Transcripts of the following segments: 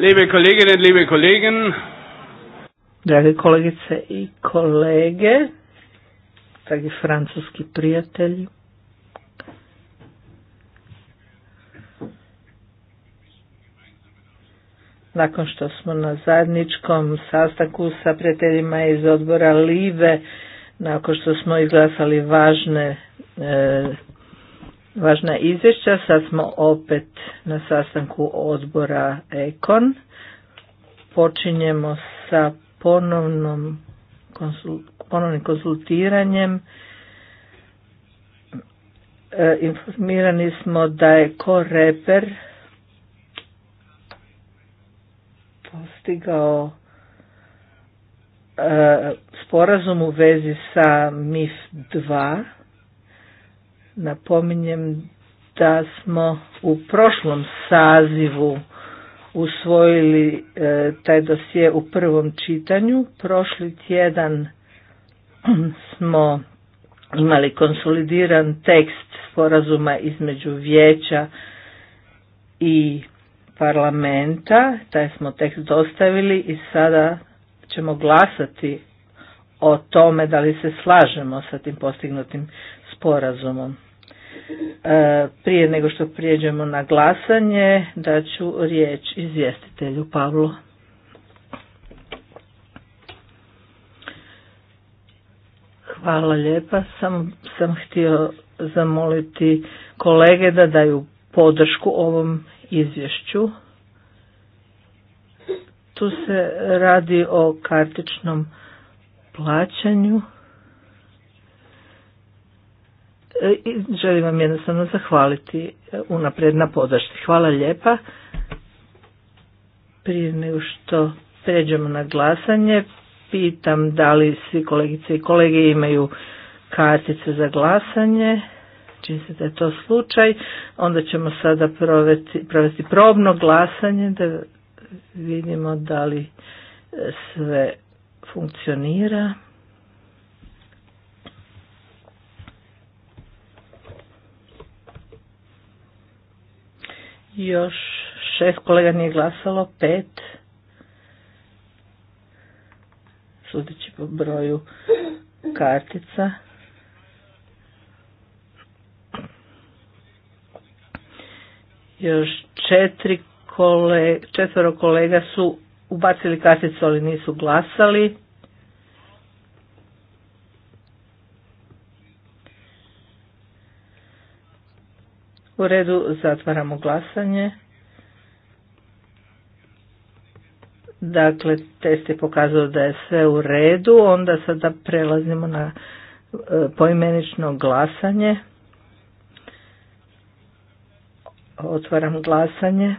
Liebe Kolleginnen, liebe Kollegen. Drage kolegice i kolege, dragi francuski prijatelji. Nakon što smo na zajedničkom sastanku sa prijateljima iz odbora Live, nakon što smo izglasali važne e, važna izvješća. Sad smo opet na sastanku odbora Ekon. Počinjemo sa ponovnom ponovnim konsultiranjem. E, informirani smo da je ko reper postigao e, sporazum u vezi sa MIF 2 Napominjem da smo u prošlom sazivu usvojili e, taj dosje u prvom čitanju. Prošli tjedan smo imali konsolidiran tekst sporazuma između vijeća i parlamenta. Taj smo tekst dostavili i sada ćemo glasati o tome da li se slažemo sa tim postignutim sporazumom. E, prije nego što prijeđemo na glasanje, daću riječ izvjestitelju Pavlu. Hvala lijepa. Sam, sam htio zamoliti kolege da daju podršku ovom izvješću. Tu se radi o kartičnom plaćanju. E, i želim vam jednostavno zahvaliti e, unaprijed na podršci. Hvala lijepa. Prije nego što pređemo na glasanje, pitam da li svi kolegice i kolege imaju kartice za glasanje. Čini se da je to slučaj. Onda ćemo sada provesti, provesti probno glasanje da vidimo da li e, sve funkcionira. Još šest kolega nije glasalo, pet. Sudeći po broju kartica. Još četiri kole, četvero kolega su ubacili karticu, ali nisu glasali. U redu zatvaramo glasanje. Dakle, test je pokazao da je sve u redu, onda sada prelazimo na e, poimenično glasanje. Otvaram glasanje.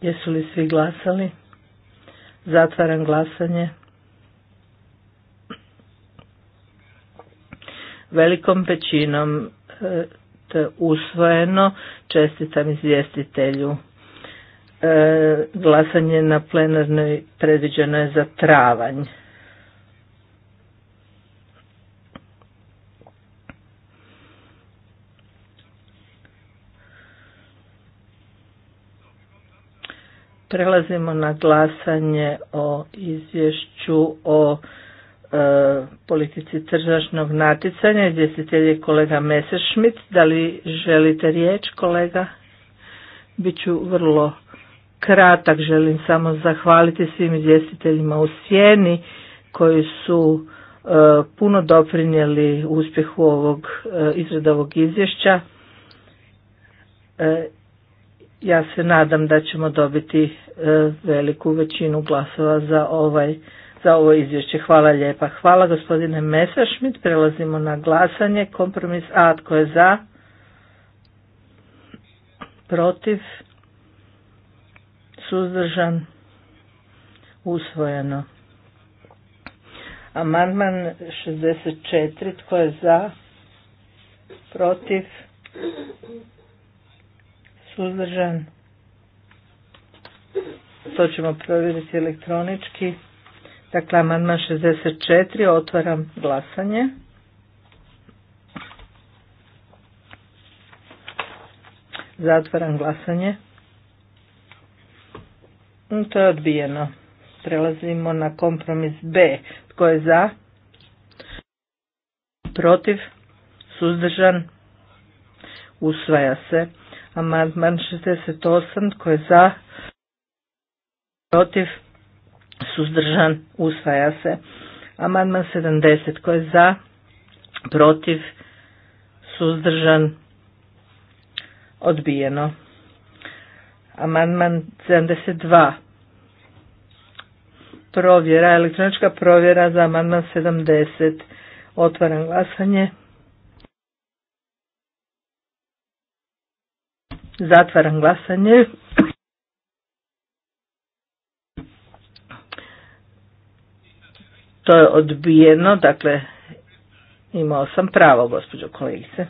Jesu li svi glasali? Zatvaram glasanje. Velikom većinom e, usvojeno. Čestitam izvjestitelju. E, glasanje na plenarnoj predviđeno je za travanj. Prelazimo na glasanje o izvješću o e, politici tržašnog natjecanja. Izvjestitelj je kolega Messerschmidt. Da li želite riječ kolega? Biću vrlo kratak. Želim samo zahvaliti svim izvjestiteljima u sjeni koji su e, puno doprinijeli uspjehu ovog e, ovog izvješća e, ja se nadam da ćemo dobiti e, veliku većinu glasova za ovaj za ovo izvješće. Hvala lijepa. Hvala gospodine Messerschmidt. Prelazimo na glasanje. Kompromis A. Tko je za? Protiv? Suzdržan? Usvojeno. Amandman 64. Tko je za? Protiv? suzdržan? To ćemo provjeriti elektronički. Dakle, amandman 64, otvaram glasanje. Zatvaram glasanje. Mm, to je odbijeno. Prelazimo na kompromis B. Tko je za? Protiv? Suzdržan? Usvaja se. Amandman 68 tko je za, protiv, suzdržan, usvaja se. Amandman 70 tko je za, protiv, suzdržan, odbijeno. Amandman 72. Provjera, elektronička provjera za amandman 70. Otvaram glasanje. Zatvaram glasanje. To je odbijeno, dakle imao sam pravo, gospođo kolegice.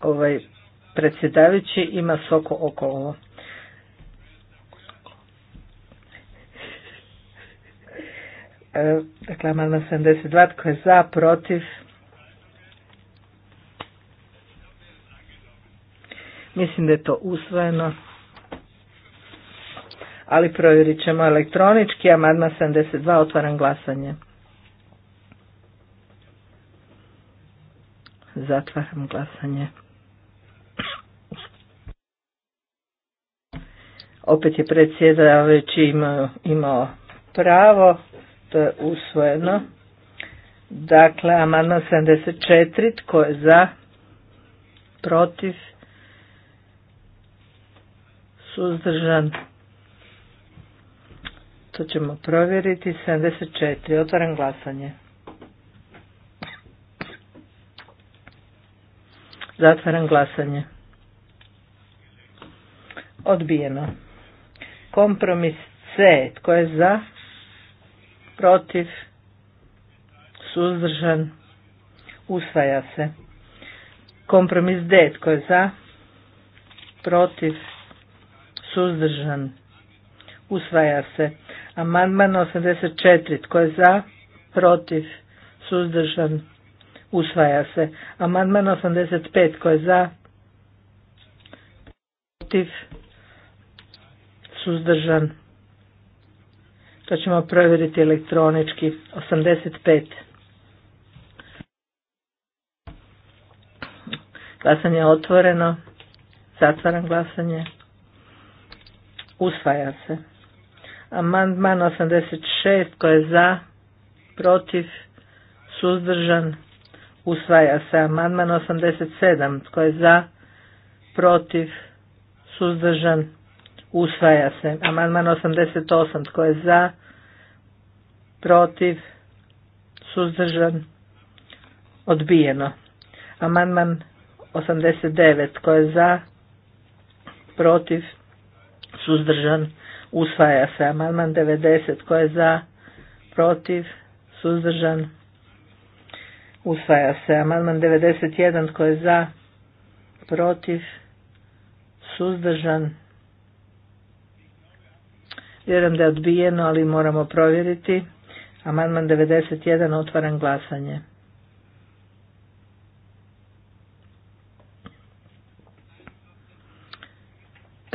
Ovaj predsjedavajući ima soko oko ovo. Dakle, amandman 72, tko je za, protiv, Mislim da je to usvojeno. Ali provjerit ćemo elektronički. Amandman 72. Otvaram glasanje. Zatvaram glasanje. Opet je predsjedavajući imao, imao pravo. To je usvojeno. Dakle, amandman 74. Tko je za? Protiv? suzdržan. To ćemo provjeriti. 74. Otvaram glasanje. Zatvaram glasanje. Odbijeno. Kompromis C. Tko je za? Protiv? Suzdržan? Usvaja se. Kompromis D. Tko je za? Protiv? suzdržan, usvaja se. Amandman 84, tko je za, protiv, suzdržan, usvaja se. Amandman 85, tko je za, protiv, suzdržan, to ćemo provjeriti elektronički, 85. Glasanje je otvoreno. Zatvaram glasanje. Usvaja se. Amandman 86 koje je za, protiv, suzdržan, usvaja se. Amandman 87 tko je za, protiv, suzdržan, usvaja se. Amandman 88 tko je za, protiv, suzdržan, odbijeno. Amandman 89 tko je za, protiv, suzdržan, usvaja se. Amandman 90 tko je za, protiv, suzdržan, usvaja se. Amandman 91 tko je za, protiv, suzdržan, Vjerujem da je odbijeno, ali moramo provjeriti. Amandman 91, otvaram glasanje.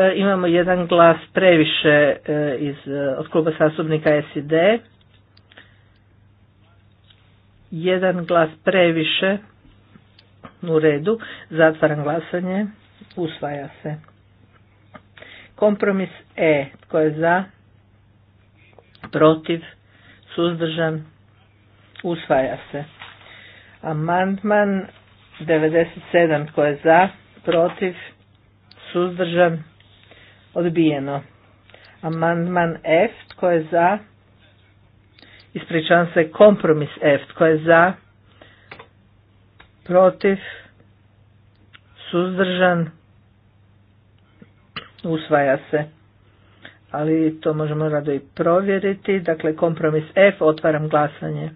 E, imamo jedan glas previše e, iz, e, od kluba zastupnika SID. Jedan glas previše u redu. Zatvaram glasanje. Usvaja se. Kompromis E. Tko je za? Protiv? Suzdržan? Usvaja se. Amandman 97. Tko je za? Protiv? Suzdržan? odbijeno. Amandman F, tko je za? Ispričavam se, kompromis F, tko je za? Protiv? Suzdržan? Usvaja se. Ali to možemo rado i provjeriti. Dakle, kompromis F, otvaram glasanje.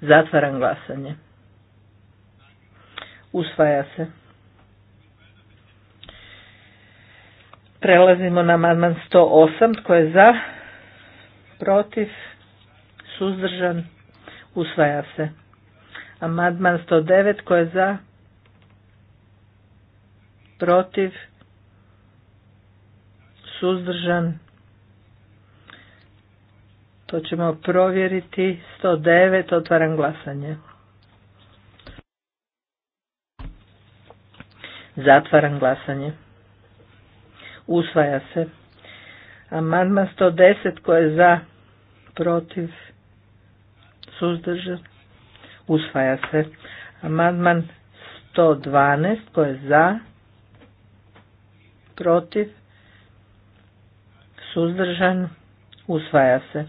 Zatvaram glasanje. Usvaja se. Prelazimo na amandman 108. Tko je za? Protiv? Suzdržan? Usvaja se. Amandman 109. Tko je za? Protiv? Suzdržan? To ćemo provjeriti. 109. Otvaram glasanje. Zatvaram glasanje. Usvaja se. Amandman 110 koji je za, protiv, suzdržan. Usvaja se. Amandman 112 koji je za, protiv, suzdržan. Usvaja se.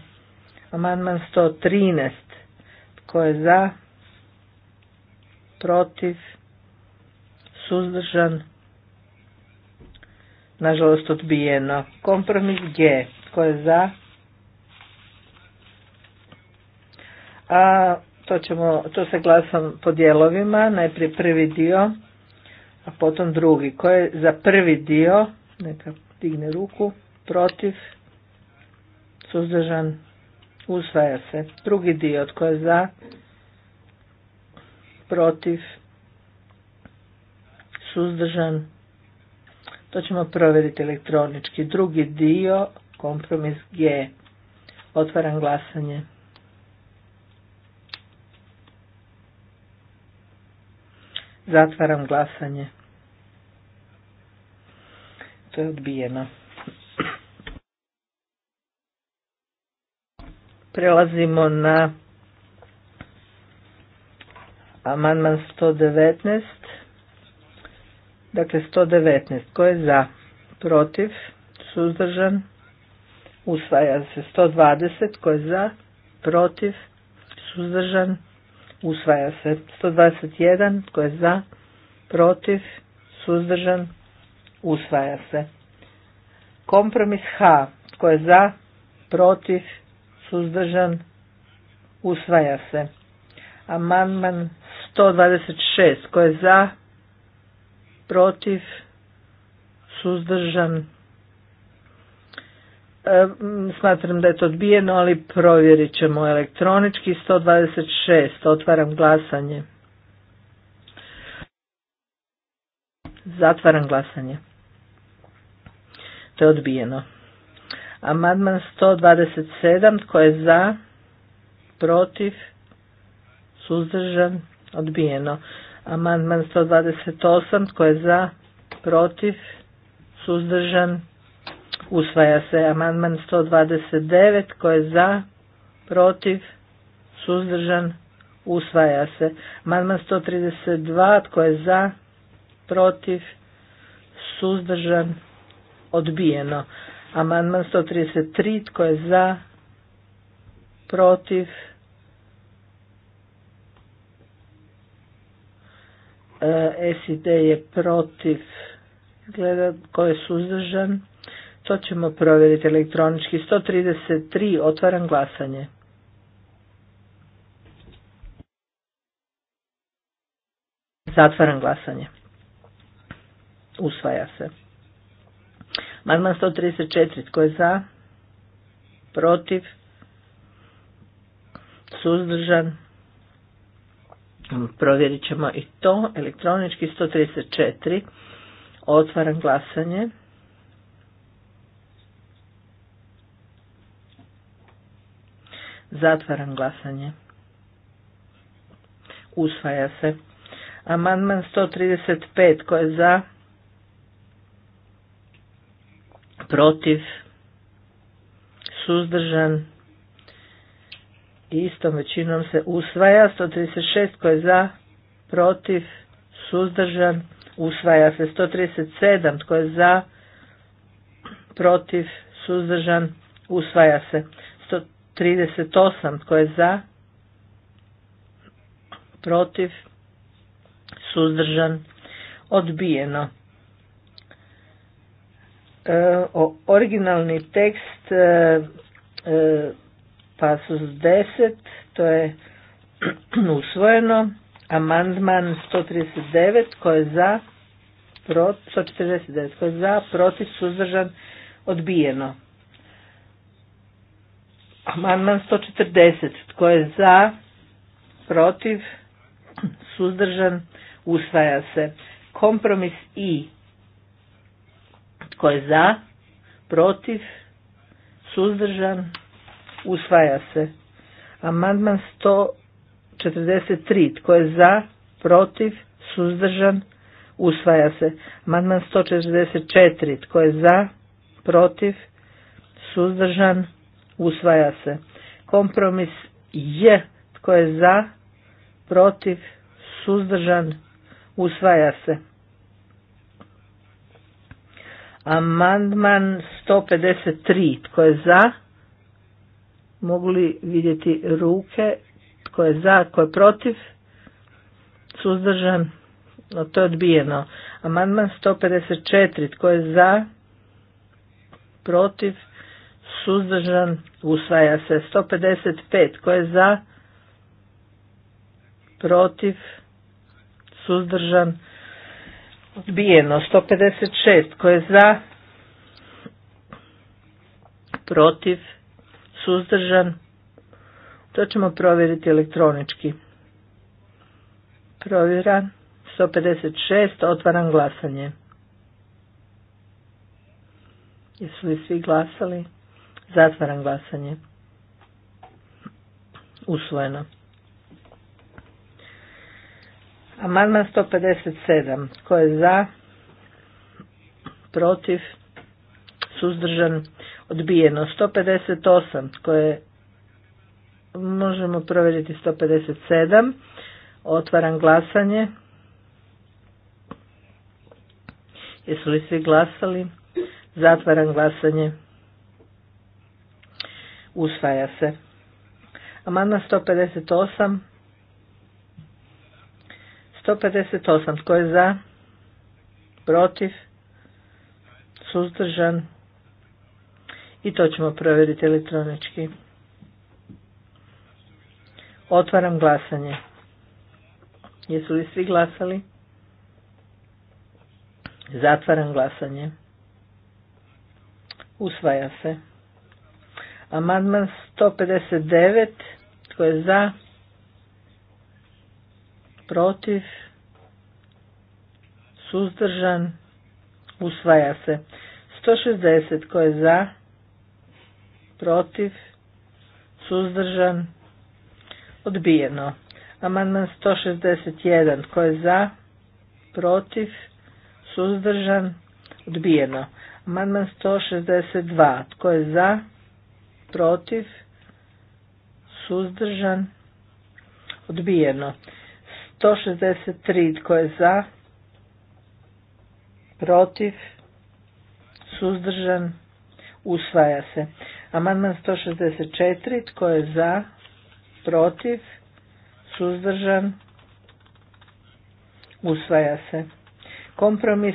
Amandman 113 koji je za, protiv, suzdržan, nažalost odbijeno. Kompromis G, tko je za? A to, ćemo, to se glasam po dijelovima, najprije prvi dio, a potom drugi. Ko je za prvi dio, neka digne ruku, protiv, suzdržan, usvaja se. Drugi dio, tko je za, protiv, suzdržan, to ćemo provjeriti elektronički. Drugi dio, kompromis G. Otvaram glasanje. Zatvaram glasanje. To je odbijeno. Prelazimo na amandman 119. Dakle, 119. Ko je za? Protiv? Suzdržan? Usvaja se. 120. Ko je za? Protiv? Suzdržan? Usvaja se. 121. Ko je za? Protiv? Suzdržan? Usvaja se. Kompromis H. Tko je za? Protiv? Suzdržan? Usvaja se. Amandman 126. Tko je za? protiv, suzdržan. E, smatram da je to odbijeno, ali provjerit ćemo elektronički. 126. Otvaram glasanje. Zatvaram glasanje. To je odbijeno. Amandman 127. Tko je za? Protiv? Suzdržan? Odbijeno. Amandman 128. Tko je za? Protiv? Suzdržan? Usvaja se. Amandman 129. Tko je za? Protiv? Suzdržan? Usvaja se. Amandman 132. Tko je za? Protiv? Suzdržan? Odbijeno. Amandman 133. Tko je za? Protiv? E, SID je protiv, gleda ko je suzdržan, to ćemo provjeriti elektronički. 133, otvaram glasanje. Zatvaram glasanje. Usvaja se. Amandman 134, tko je za? Protiv? Suzdržan? Mm, provjerit ćemo i to. Elektronički 134. Otvaram glasanje. Zatvaram glasanje. Usvaja se. Amandman 135. Ko je za? Protiv? Suzdržan? istom većinom se usvaja. 136 tko je za, protiv, suzdržan, usvaja se. 137 tko je za, protiv, suzdržan, usvaja se. 138 tko je za, protiv, suzdržan, odbijeno. E, originalni tekst e, e, pasus 10, to je usvojeno. Amandman 139 koji je za, pro, 149 tko je za, protiv, suzdržan, odbijeno. Amandman 140 tko je za, protiv, suzdržan, usvaja se. Kompromis I tko je za, protiv, suzdržan, usvaja se. Amandman 143. Tko je za, protiv, suzdržan, usvaja se. Amandman 144. Tko je za, protiv, suzdržan, usvaja se. Kompromis je. Tko je za, protiv, suzdržan, usvaja se. Amandman 153. Tko je za, Mogu li vidjeti ruke? Tko je za, tko je protiv? Suzdržan? No, to je odbijeno. Amandman 154. Tko je za? Protiv? Suzdržan? Usvaja se. 155. Tko je za? Protiv? Suzdržan? Odbijeno. 156. Tko je za? Protiv? suzdržan, to ćemo provjeriti elektronički. Provjera 156, otvaram glasanje. Jesu li svi glasali? Zatvaram glasanje. Usvojeno. Amandman 157. Tko je za? Protiv? Suzdržan? odbijeno 158 koje možemo provjeriti 157 otvaram glasanje jesu li svi glasali zatvaram glasanje usvaja se amandman 158 158 tko je za protiv suzdržan i to ćemo provjeriti elektronički. Otvaram glasanje. Jesu li svi glasali? Zatvaram glasanje. Usvaja se. Amandman 159. Tko je za? Protiv? Suzdržan? Usvaja se. 160. Tko je za? protiv, suzdržan, odbijeno. Amandman 161. Tko je za? Protiv? Suzdržan? Odbijeno. Amandman 162. Tko je za? Protiv? Suzdržan? Odbijeno. 163. Tko je za? Protiv? Suzdržan? Usvaja se. Amandman 164. Tko je za? Protiv? Suzdržan? Usvaja se. Kompromis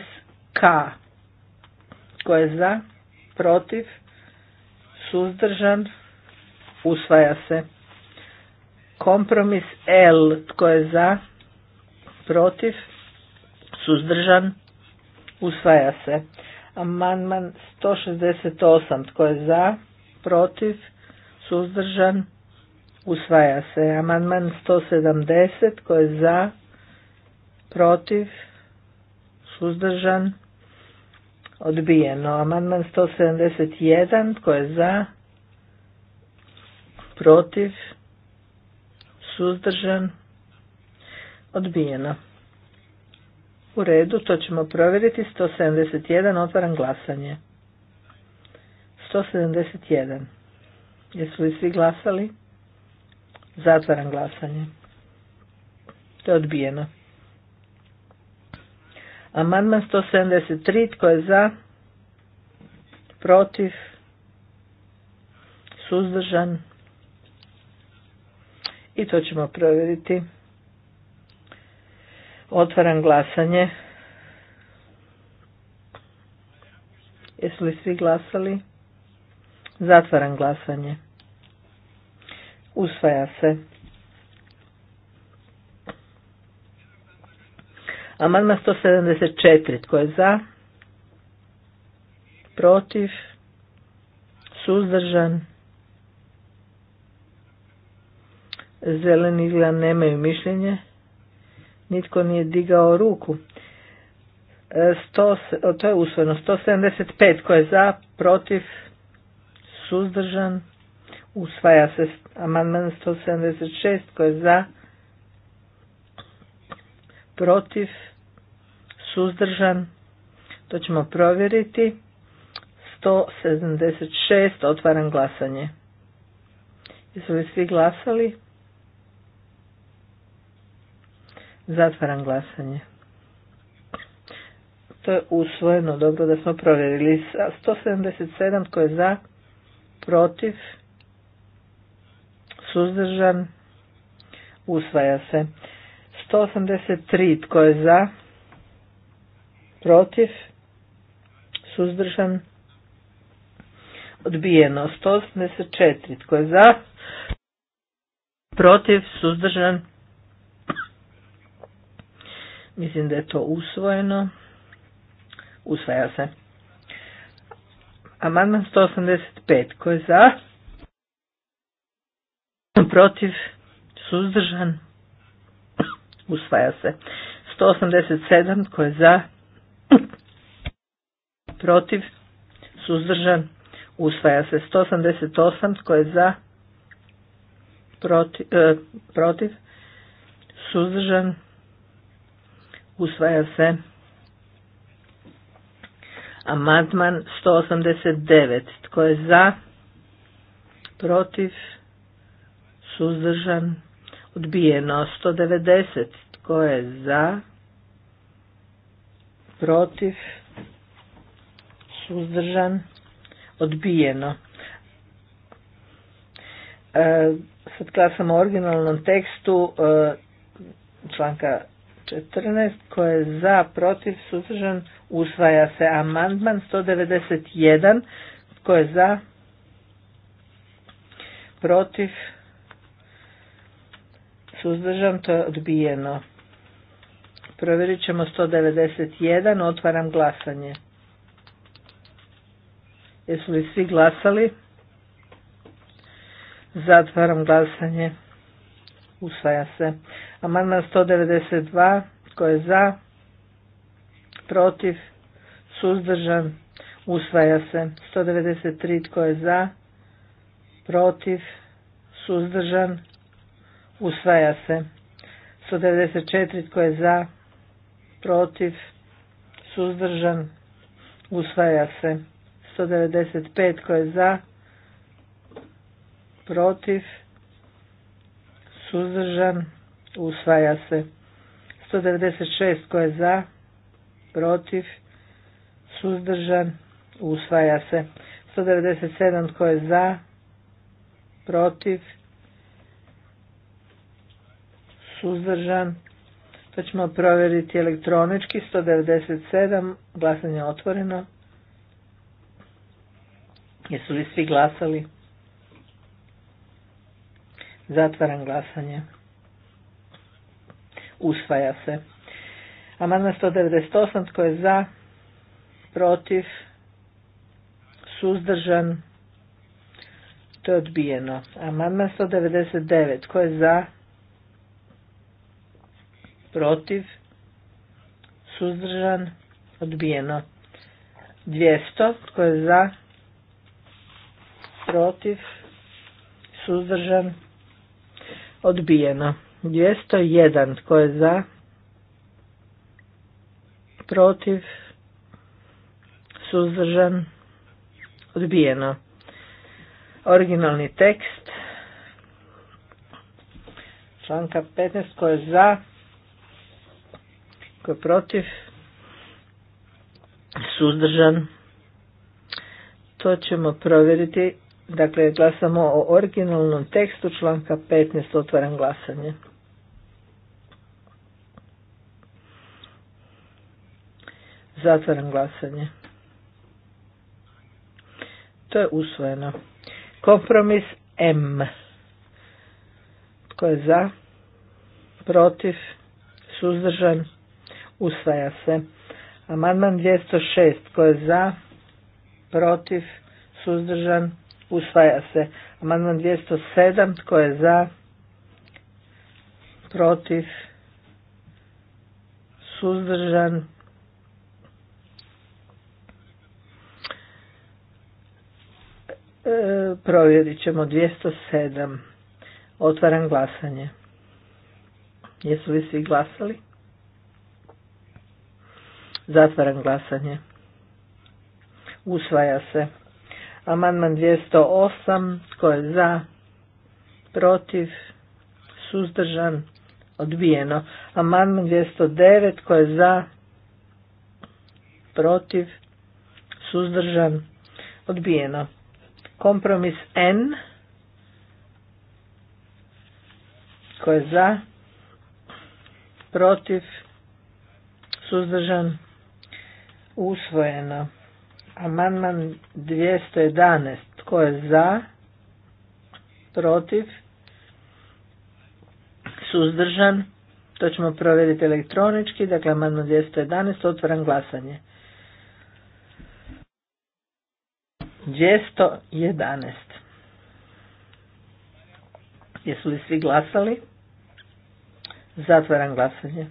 K. Tko je za? Protiv? Suzdržan? Usvaja se. Kompromis L. Tko je za? Protiv? Suzdržan? Usvaja se. Amandman 168. Tko je za? protiv, suzdržan, usvaja se. Amandman 170 koji je za, protiv, suzdržan, odbijeno. Amandman 171 koji je za, protiv, suzdržan, odbijeno. U redu, to ćemo provjeriti. 171, otvaram glasanje. 171. Jesu li svi glasali? Zatvaram glasanje. To je odbijeno. Amandman 173. Tko je za? Protiv? Suzdržan? I to ćemo provjeriti. Otvaram glasanje. Jesu li svi glasali? Zatvaram glasanje. Usvaja se. Amandman 174. Tko je za? Protiv? Suzdržan? Zeleni izgled nemaju mišljenje. Nitko nije digao ruku. E, to je usvojeno. 175. Tko je za? Protiv? suzdržan, usvaja se amandman 176 koji je za, protiv, suzdržan, to ćemo provjeriti. 176, otvaram glasanje. Jesu li svi glasali? Zatvaram glasanje. To je usvojeno, dobro da smo provjerili. 177 tko je za, protiv, suzdržan, usvaja se. 183 tko je za, protiv, suzdržan, odbijeno. 184 tko je za, protiv, suzdržan, mislim da je to usvojeno, usvaja se. Amandman 185. Ko je za? Protiv? Suzdržan? Usvaja se. 187. Ko je za? Protiv? Suzdržan? Usvaja se. 188. Ko je za? Protiv? E, protiv suzdržan? Usvaja se. Amandman 189. Tko je za? Protiv? Suzdržan? Odbijeno. 190. Tko je za? Protiv? Suzdržan? Odbijeno. E, sad sam o originalnom tekstu e, članka 14. Tko je za? Protiv? Suzdržan? Usvaja se amandman 191. Tko je za? Protiv? Suzdržan to je odbijeno. Provjerit ćemo 191. Otvaram glasanje. Jesu li svi glasali? Zatvaram glasanje. Usvaja se. Amandman 192. Tko je za? protiv, suzdržan, usvaja se. 193 tko je za, protiv, suzdržan, usvaja se. 194 tko je za, protiv, suzdržan, usvaja se. 195 tko je za, protiv, suzdržan, usvaja se. 196 tko je za, protiv, suzdržan, usvaja se. 197 tko je za, protiv, suzdržan, to ćemo provjeriti elektronički, 197, glasanje je otvoreno. Jesu li svi glasali? Zatvaram glasanje. Usvaja se. Amandman 198 tko je za, protiv, suzdržan, to je odbijeno. Amandman 199 tko je za, protiv, suzdržan, odbijeno. 200 tko je za, protiv, suzdržan, odbijeno. 201 tko je za, protiv, suzdržan, odbijeno. Originalni tekst članka 15 koji je za, koji je protiv, suzdržan. To ćemo provjeriti. Dakle, glasamo o originalnom tekstu članka 15. Otvaram glasanje. Zatvaram glasanje. To je usvojeno. Kompromis M. Tko je za? Protiv? Suzdržan? Usvaja se. Amandman 206. Tko je za? Protiv? Suzdržan? Usvaja se. Amandman 207. Tko je za? Protiv? Suzdržan? E, provjerit ćemo 207. Otvaram glasanje. Jesu li svi glasali? Zatvaram glasanje. Usvaja se. Amandman 208. Tko je za? Protiv? Suzdržan? Odbijeno. Amandman 209. Tko je za? Protiv? Suzdržan? Odbijeno. Kompromis N. Tko je za? Protiv? Suzdržan? Usvojeno. Amandman 211. Tko je za? Protiv? Suzdržan? To ćemo provjeriti elektronički. Dakle, amandman 211. Otvaram glasanje. 211. Jesu li svi glasali? Zatvaram glasanje.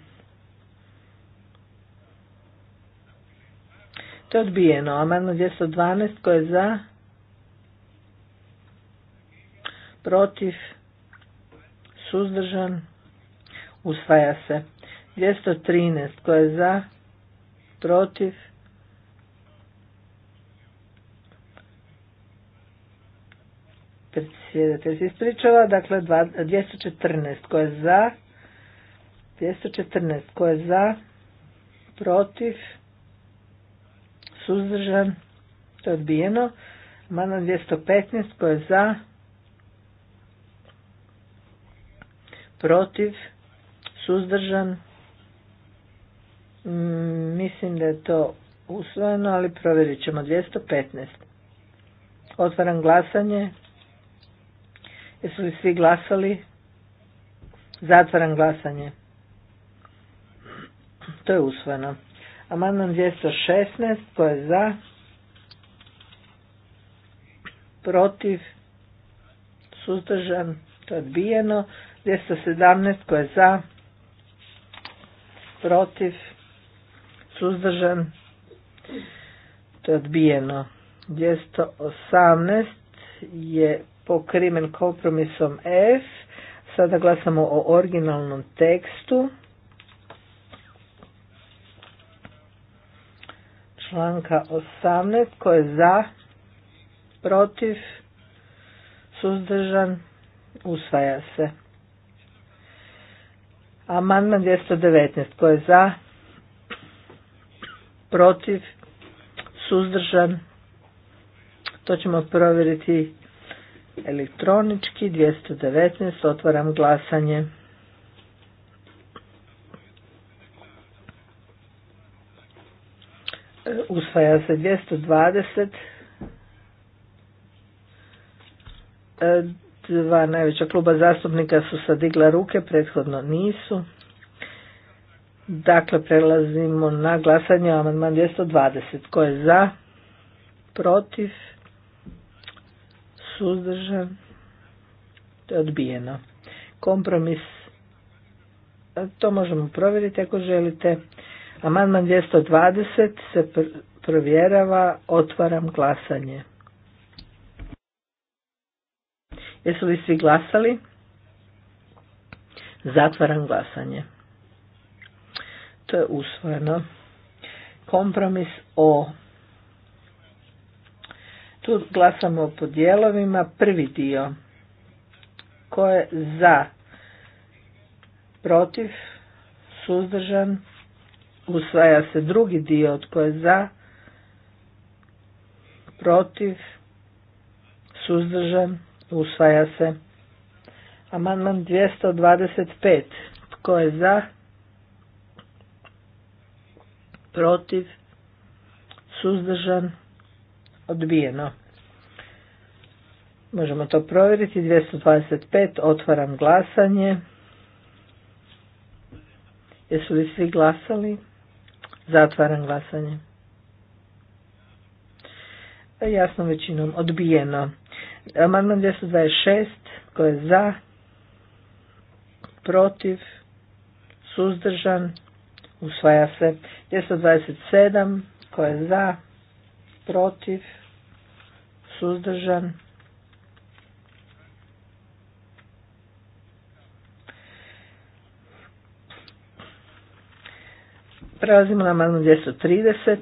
To je odbijeno. dvjesto 212 koje je za? Protiv? Suzdržan? Usvaja se. 213 koje je za? Protiv? predsjedatelj se ispričava, dakle 214 ko je za, 214 ko je za, protiv, suzdržan, to je odbijeno, mana 215 ko je za, protiv, suzdržan, mm, mislim da je to usvojeno, ali provjerit ćemo 215. Otvaram glasanje. Jesu li svi glasali? Zatvaram glasanje. To je usvojeno. Amandman 216, tko je za? Protiv? Suzdržan? To je odbijeno. 217, tko je za? Protiv? Suzdržan? To je odbijeno. 218 je krimen kompromisom F. Sada glasamo o originalnom tekstu. Članka 18. Ko je za, protiv, suzdržan, usvaja se. Amandman 219. Ko je za, protiv, suzdržan, to ćemo provjeriti Elektronički 219. Otvaram glasanje. Usvaja se 220. E, dva najveća kluba zastupnika su sad digla ruke, prethodno nisu. Dakle, prelazimo na glasanje amandman 220. Ko je za? Protiv? suzdržan, to je odbijeno. Kompromis, to možemo provjeriti ako želite. Amandman 220 se provjerava, otvaram glasanje. Jesu li svi glasali? Zatvaram glasanje. To je usvojeno. Kompromis o tu glasamo po dijelovima. Prvi dio. Ko je za? Protiv? Suzdržan? Usvaja se drugi dio. Tko je za? Protiv? Suzdržan? Usvaja se. Amandman 225. Tko je za? Protiv? Suzdržan? odbijeno. Možemo to provjeriti. 225. Otvaram glasanje. Jesu li svi glasali? Zatvaram glasanje. Jasnom većinom odbijeno. Amandman 226. Koje je za? Protiv? Suzdržan? Usvaja se. 227. Ko je za? protiv, suzdržan. Prelazimo na amandman 230.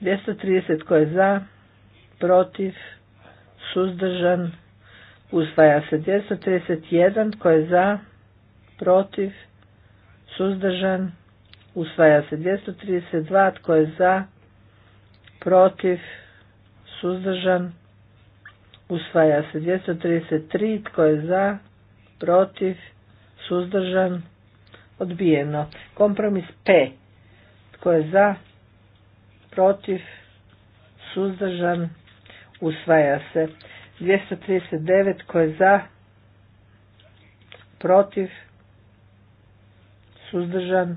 230 tko je za, protiv, suzdržan, usvaja se. 231 tko je za, protiv, suzdržan, Usvaja se 232. Tko je za? Protiv? Suzdržan? Usvaja se 233. Tko je za? Protiv? Suzdržan? Odbijeno. Kompromis P. Tko je za? Protiv? Suzdržan? Usvaja se. 239. Tko je za? Protiv? Suzdržan?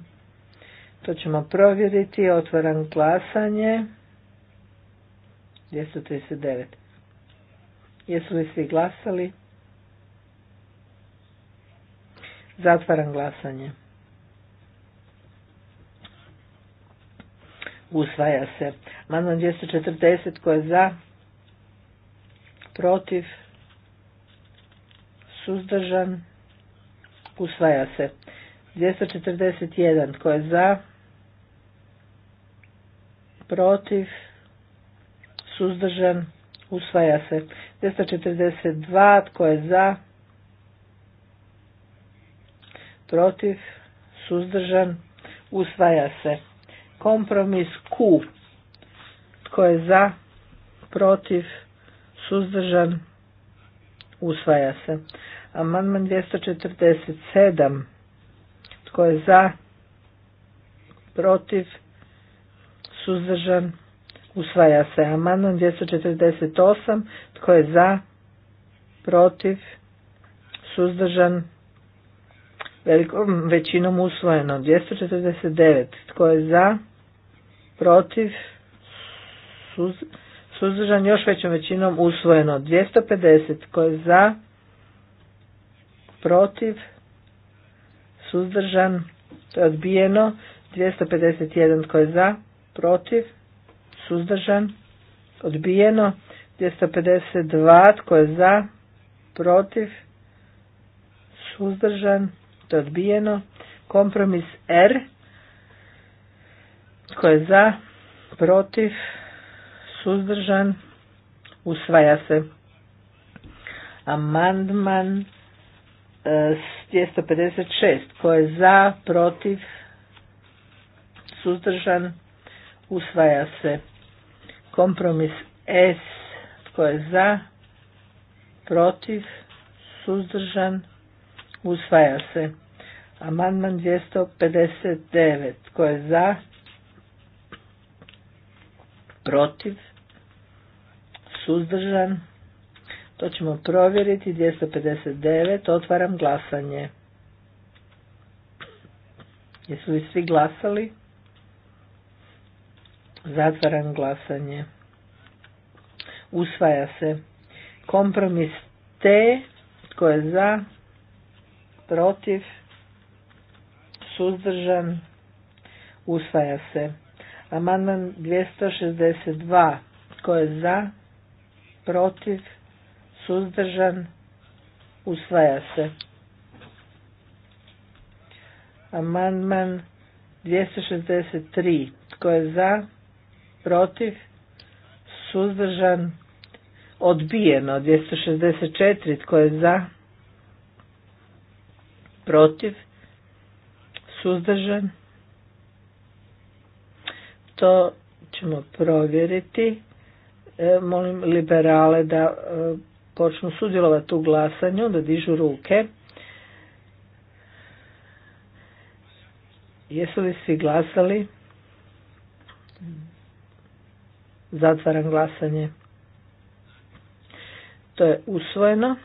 To ćemo provjeriti. Otvaram glasanje. 239. Jesu li svi glasali? Zatvaram glasanje. Usvaja se. Amandman 240 tko je za, protiv, suzdržan, usvaja se. 241 tko je za, protiv, suzdržan, usvaja se. 242, tko je za, protiv, suzdržan, usvaja se. Kompromis Q, tko je za, protiv, suzdržan, usvaja se. Amandman 247, tko je za, protiv, suzdržan, usvaja se amandman 248, tko je za, protiv, suzdržan, velikom većinom usvojeno 249, tko je za, protiv, suzdržan, još većom većinom usvojeno 250, tko je za, protiv, suzdržan, to je odbijeno, 251 tko je za, protiv, suzdržan, odbijeno. 252 tko je za, protiv, suzdržan, to odbijeno. Kompromis R tko je za, protiv, suzdržan, usvaja se. Amandman 256. E, tko je za, protiv, suzdržan, usvaja se. Kompromis S, tko je za, protiv, suzdržan, usvaja se. Amandman 259, tko je za, protiv, suzdržan, to ćemo provjeriti, 259, otvaram glasanje. Jesu li svi glasali? Zatvaram glasanje. Usvaja se. Kompromis T. Tko je za? Protiv? Suzdržan? Usvaja se. Amandman 262. Tko je za? Protiv? Suzdržan? Usvaja se. Amandman 263. Tko je za? protiv, suzdržan, odbijeno 264 tko je za, protiv, suzdržan. To ćemo provjeriti. E, molim liberale da e, počnu sudjelovati u glasanju, da dižu ruke. Jesu li svi glasali? Zatvaram glasanje. To je usvojeno.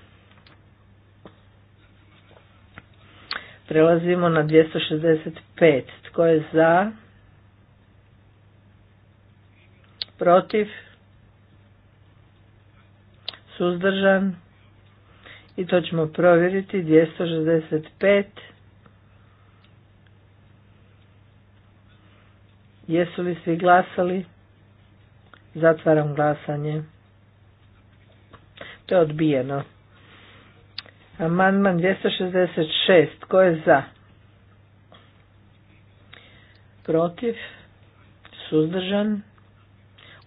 Prelazimo na 265. Tko je za? Protiv? Suzdržan? I to ćemo provjeriti. 265. Jesu li svi glasali? Zatvaram glasanje. To je odbijeno. Amandman 266. Ko je za? Protiv? Suzdržan?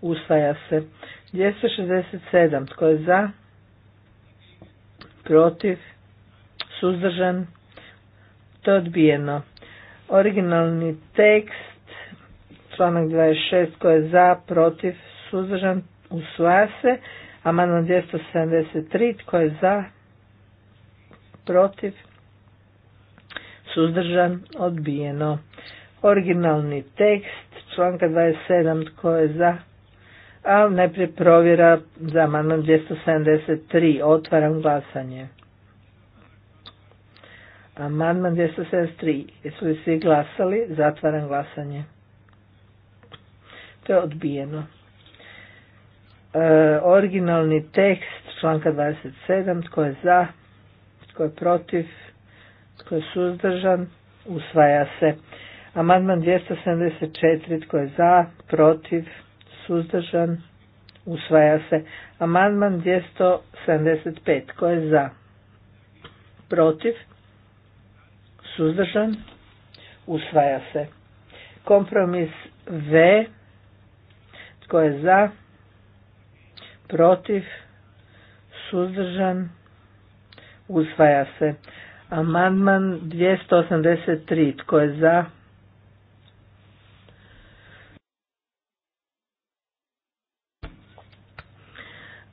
Usvaja se. 267. Tko je za? Protiv? Suzdržan? To je odbijeno. Originalni tekst, članak 26. Tko je za? Protiv? suzdržan, usvaja se. Amandman 273, tko je za, protiv, suzdržan, odbijeno. Originalni tekst, članka 27, tko je za, a najprije provjera za amandman 273, otvaram glasanje. Amandman 273. Jesu li svi glasali? Zatvaram glasanje. To je odbijeno. E, originalni tekst članka 27. Tko je za? Tko je protiv? Tko je suzdržan? Usvaja se. Amandman 274. Tko je za? Protiv? Suzdržan? Usvaja se. Amandman 275. Tko je za? Protiv? Suzdržan? Usvaja se. Kompromis V. Tko je za? protiv, suzdržan, usvaja se. Amandman 283, tko je za?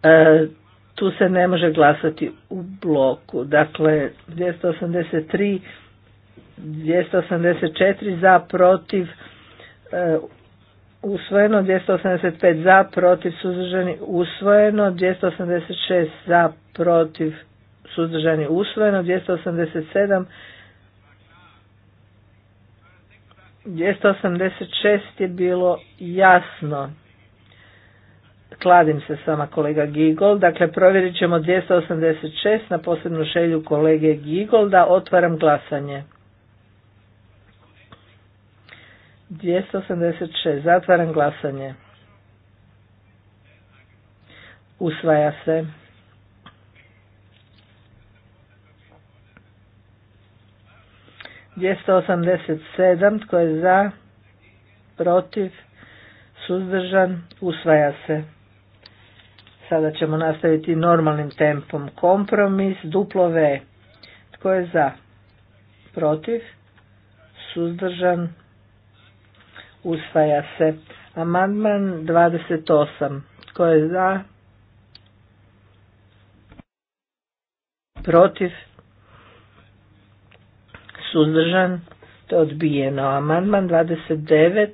E, tu se ne može glasati u bloku. Dakle, 283, 284 za, protiv, e, usvojeno 285 za protiv suzdržani usvojeno 286 za protiv suzdržani usvojeno 287 286 je bilo jasno kladim se sama vama kolega Gigol dakle provjerit ćemo 286 na posebnu šelju kolege Gigol da otvaram glasanje 286. Zatvaram glasanje. Usvaja se. Dvjesto osamdeset sedam, tko je za, protiv, suzdržan, usvaja se. Sada ćemo nastaviti normalnim tempom. Kompromis, duplo V. Tko je za, protiv, suzdržan, usvaja se. Amandman 28. Tko je za? Protiv? Suzdržan? To je odbijeno. Amandman 29.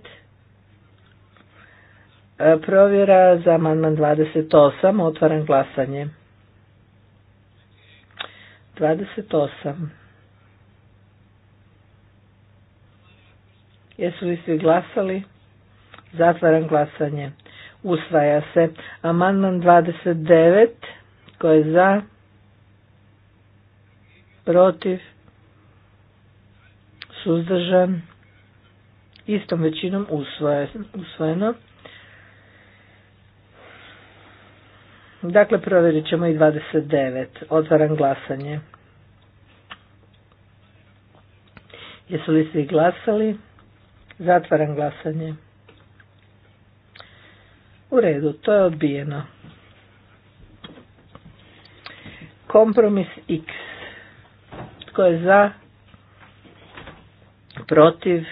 E, provjera za amandman 28. Otvaram glasanje. 28. Jesu li svi glasali? Zatvaram glasanje. Usvaja se. Amandman 29. Ko je za? Protiv? Suzdržan? Istom većinom usvojeno. Dakle, provjerit ćemo i 29. Otvaram glasanje. Jesu li svi glasali? Zatvaram glasanje. U redu, to je odbijeno. Kompromis X. Tko je za? Protiv?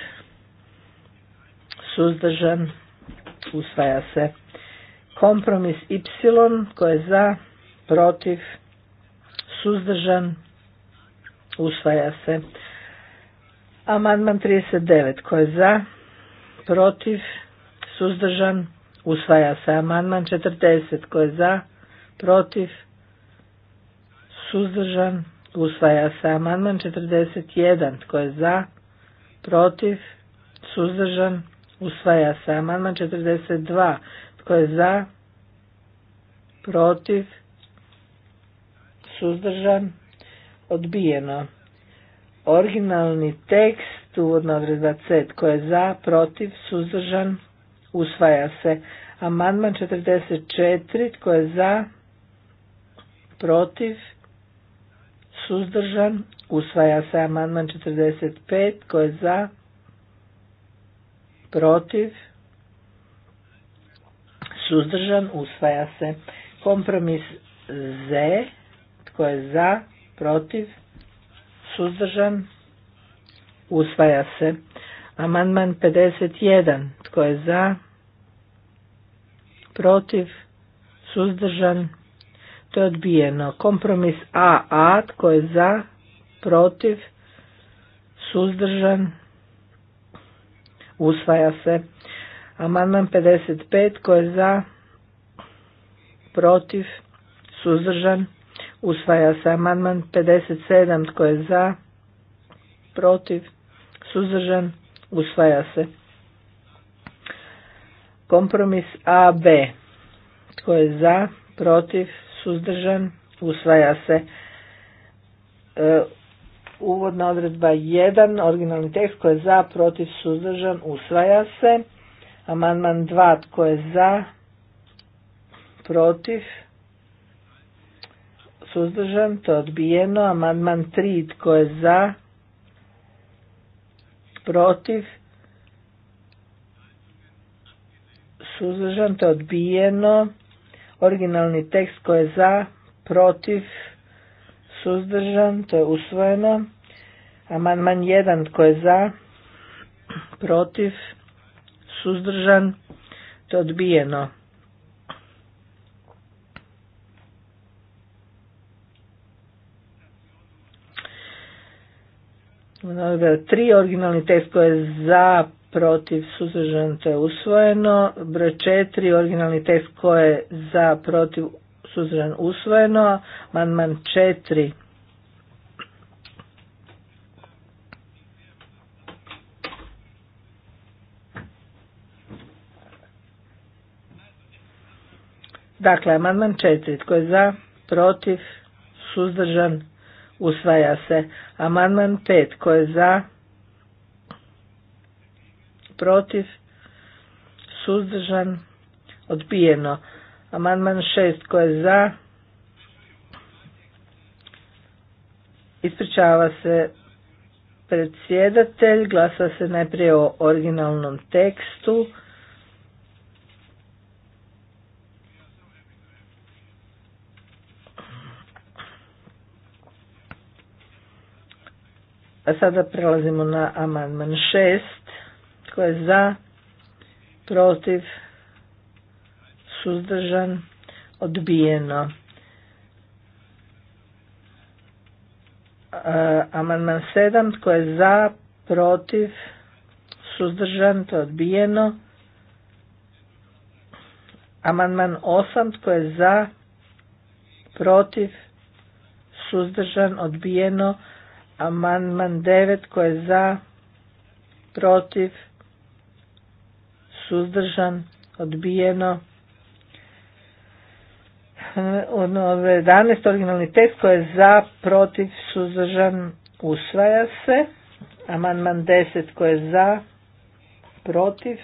Suzdržan? Usvaja se. Kompromis Y. Tko je za? Protiv? Suzdržan? Usvaja se. Amandman 39. Ko je za? Protiv? Suzdržan? Usvaja se. Amandman 40. Ko je za? Protiv? Suzdržan? Usvaja se. Amandman 41. Tko je za? Protiv? Suzdržan? Usvaja se. Amandman 42. Tko je za? Protiv? Suzdržan? Odbijeno originalni tekst uvodna odredba C tko je za, protiv, suzdržan, usvaja se. Amandman 44 tko je za, protiv, suzdržan, usvaja se. Amandman 45 tko je za, protiv, suzdržan, usvaja se. Kompromis Z tko je za, protiv, Suzdržan? Usvaja se. Amandman 51. Tko je za? Protiv? Suzdržan? To je odbijeno. Kompromis AA. Tko je za? Protiv? Suzdržan? Usvaja se. Amandman 55. Tko je za? Protiv? Suzdržan? Usvaja se amandman 57 tko je za, protiv, suzdržan, usvaja se. Kompromis AB tko je za, protiv, suzdržan, usvaja se. E, uvodna odredba 1, originalni tekst tko je za, protiv, suzdržan, usvaja se. Amandman 2 tko je za, protiv, suzdržan, to je odbijeno. Amandman 3, tko je za, protiv, suzdržan, to je odbijeno. Originalni tekst tko je za, protiv, suzdržan, to je usvojeno. Amandman 1, tko je za, protiv, suzdržan, to je odbijeno. tri originalni tekst koji je za, protiv, suzdržan, to je usvojeno. Broj četiri, originalni tekst koje je za, protiv, suzdržan, usvojeno. Amandman četiri, Dakle, amandman četiri. Tko je za, protiv, suzdržan, usvaja se. Amandman 5 tko je za, protiv, suzdržan, odbijeno. Amandman 6 tko je za, ispričava se predsjedatelj, glasa se najprije o originalnom tekstu. A sada prelazimo na amandman 6. Tko je za? Protiv? Suzdržan? Odbijeno. Amandman 7. Tko je za? Protiv? Suzdržan? odbijeno. Amandman 8. Tko je za? Protiv? Suzdržan? Odbijeno. Amandman 9 tko je za, protiv, suzdržan, odbijeno. Ono 11. originalni tekst koji je za, protiv, suzdržan, usvaja se. Amandman 10 koji je za, protiv,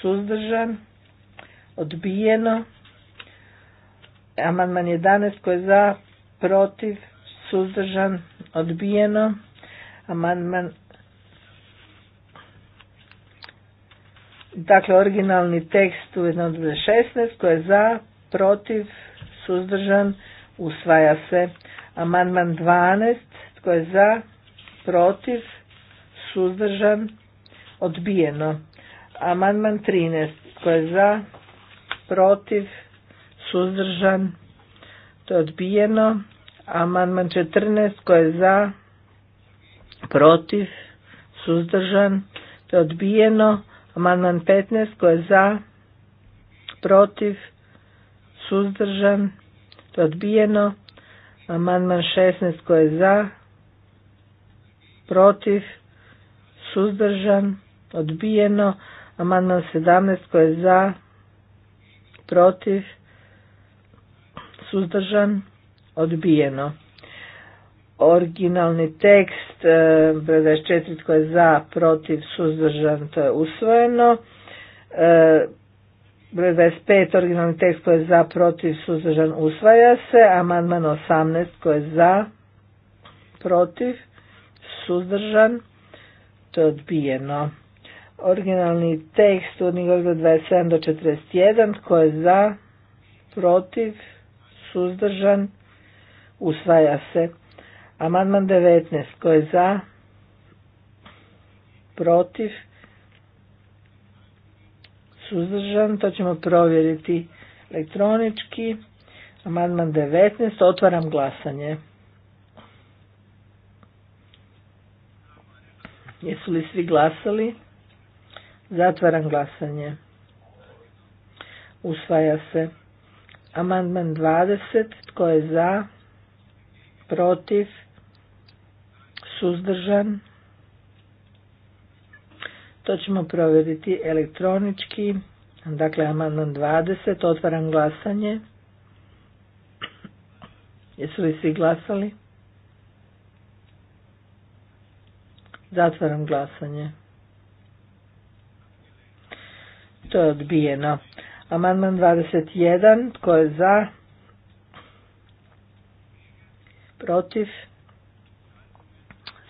suzdržan, odbijeno. Amandman 11 koji je za, protiv, suzdržan, odbijeno. Amandman Dakle, originalni tekst u 16 koji je za, protiv, suzdržan, usvaja se. Amandman 12 koji je za, protiv, suzdržan, odbijeno. Amandman 13 koji je za, protiv, suzdržan, to je odbijeno. Amandman 14 koji je za, protiv, suzdržan, to je odbijeno. Amandman 15 koji je za, protiv, suzdržan, to je odbijeno. Amandman 16 koji je za, protiv, suzdržan, odbijeno. Amandman 17 koji je za, protiv, suzdržan, odbijeno. Originalni tekst, 24 e, tko je za, protiv, suzdržan, to je usvojeno. E, broj 25, originalni tekst koji je za, protiv, suzdržan, usvaja se. Amandman 18 koji je za, protiv, suzdržan, to je odbijeno. Originalni tekst od 27 do 41 koji je za, protiv, suzdržan, usvaja se. Amandman 19 Tko je za, protiv, suzdržan, to ćemo provjeriti elektronički. Amandman 19, otvaram glasanje. Jesu li svi glasali? Zatvaram glasanje. Usvaja se. Amandman 20, tko je za? protiv, suzdržan. To ćemo provjeriti elektronički. Dakle, amandman 20, otvaram glasanje. Jesu li svi glasali? Zatvaram glasanje. To je odbijeno. Amandman 21, tko je za? protiv,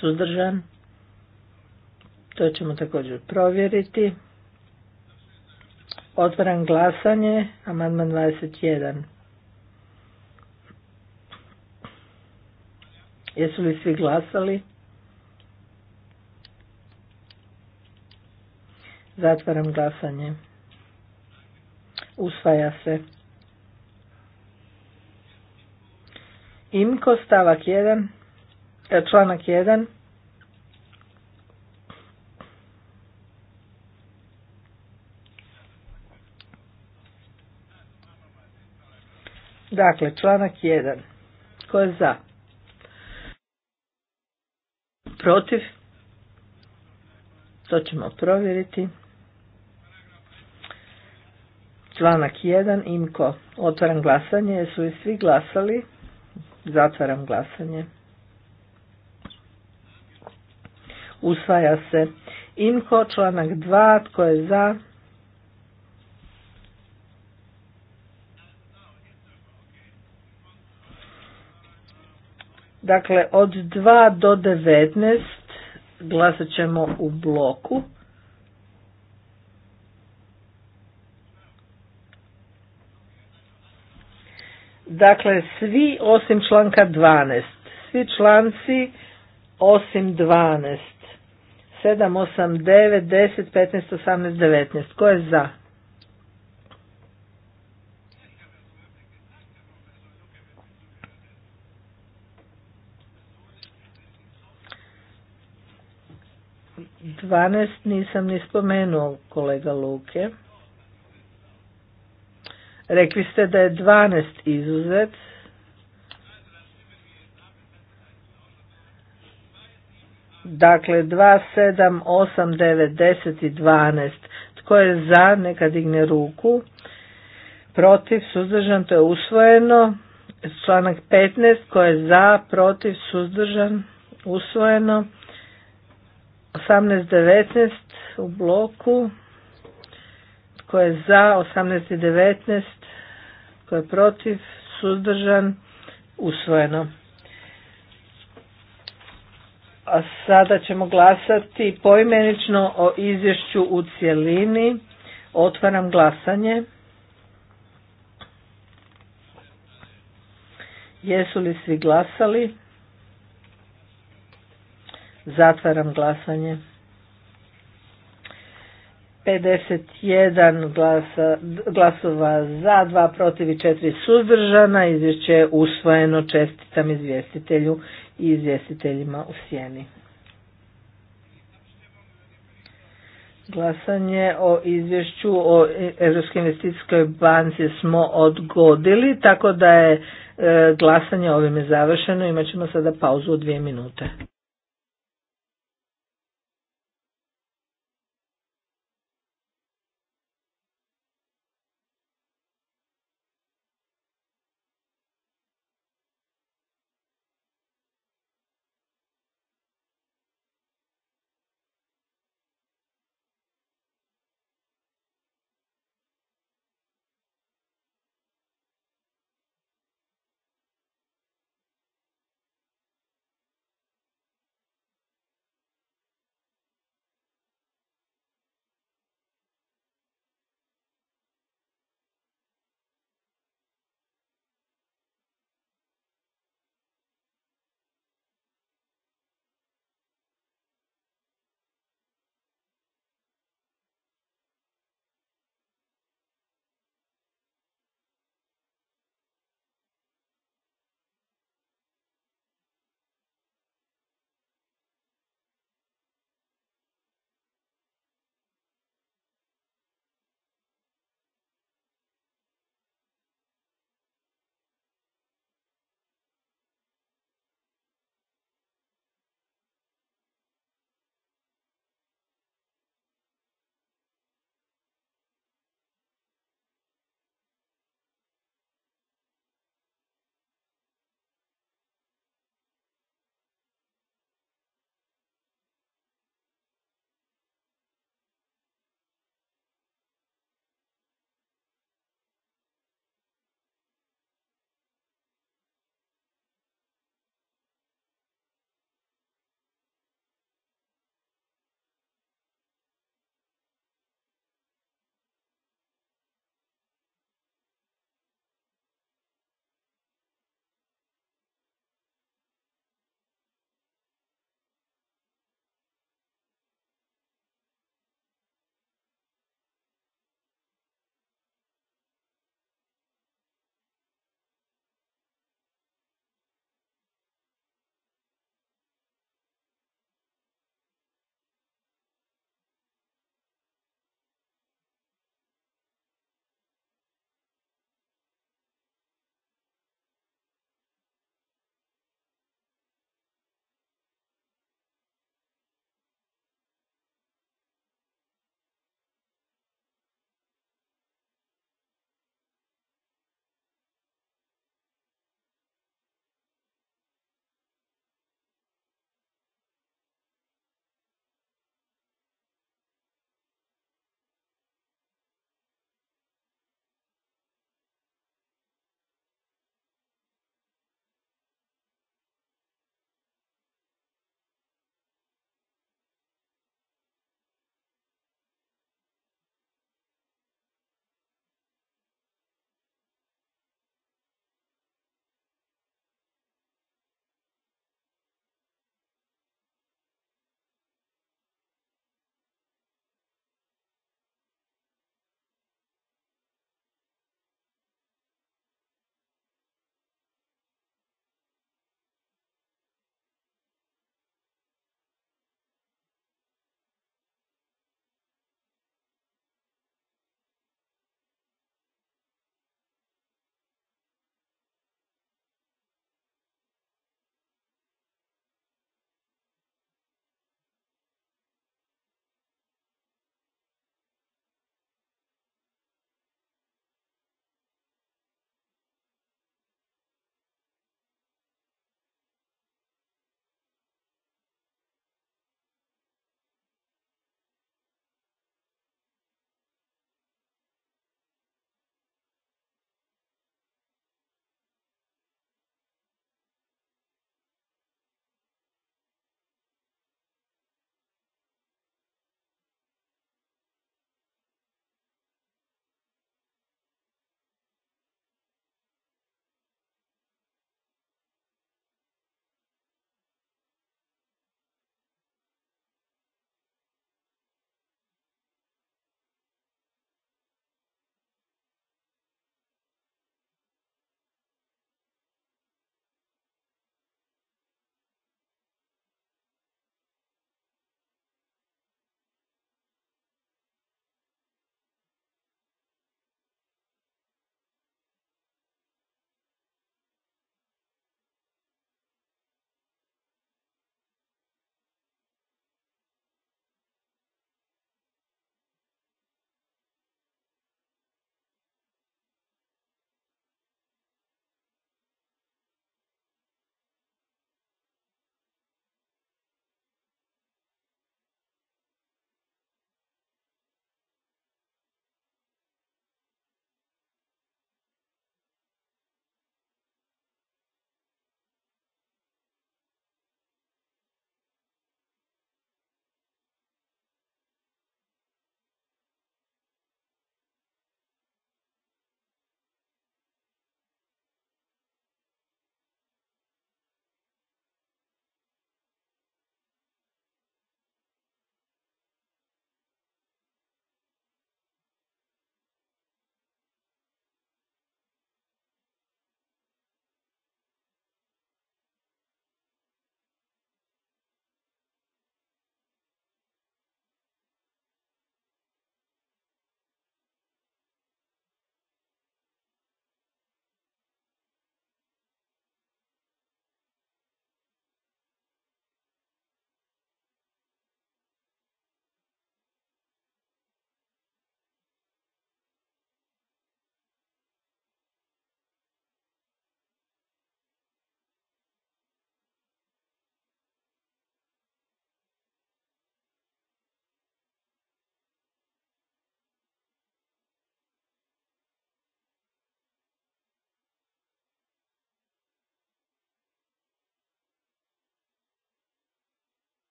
suzdržan, to ćemo također provjeriti. Otvaram glasanje, amandman 21. Jesu li svi glasali? Zatvaram glasanje. Usvaja se. Imko stavak 1, e, članak 1. Dakle, članak 1. Ko je za? Protiv? To ćemo provjeriti. Članak 1. Imko. Otvaram glasanje. Jesu li svi glasali? Zatvaram glasanje. Usvaja se. Imko, članak 2, tko je za? Dakle, od 2 do 19 glasat ćemo u bloku. Dakle, svi osim članka 12. Svi članci osim 12. 7, 8, 9, 10, 15, 18, 19. Ko je za? Dvanest nisam ni spomenuo kolega Luke. Rekli ste da je 12 izuzet. Dakle, 2, 7, 8, 9, 10 i 12. Tko je za, neka digne ruku. Protiv, suzdržan, to je usvojeno. Članak 15, tko je za, protiv, suzdržan, usvojeno. 18, 19 u bloku. Tko je za, 18 i 19 tko je protiv? Suzdržan? Usvojeno. A sada ćemo glasati poimenično o izvješću u cjelini. Otvaram glasanje. Jesu li svi glasali? Zatvaram glasanje. 51 glasa, glasova za, dva protiv i četiri suzdržana. Izvješće je usvojeno. Čestitam izvjestitelju i izvjestiteljima u sjeni. Glasanje o izvješću o Europskoj investicijskoj banci smo odgodili, tako da je e, glasanje ovime završeno. Imaćemo sada pauzu od dvije minute.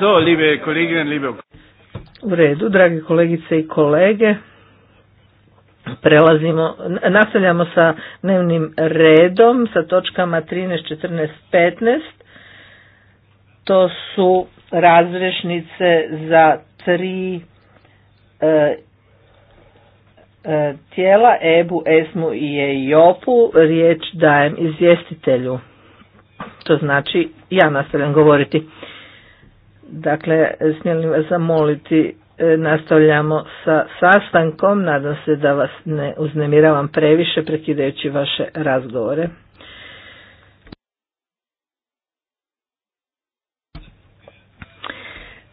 So, liebe Kolleginnen, liebe U redu, drage kolegice i kolege, prelazimo, nastavljamo sa dnevnim redom, sa točkama 13, 14, 15. To su razrešnice za tri e, e, tijela, EBU, ESMU i Ejopu, Riječ dajem izvjestitelju. To znači, ja nastavljam govoriti. Dakle, smijelim vas zamoliti, e, nastavljamo sa sastankom, nadam se da vas ne uznemiravam previše prekidajući vaše razgovore.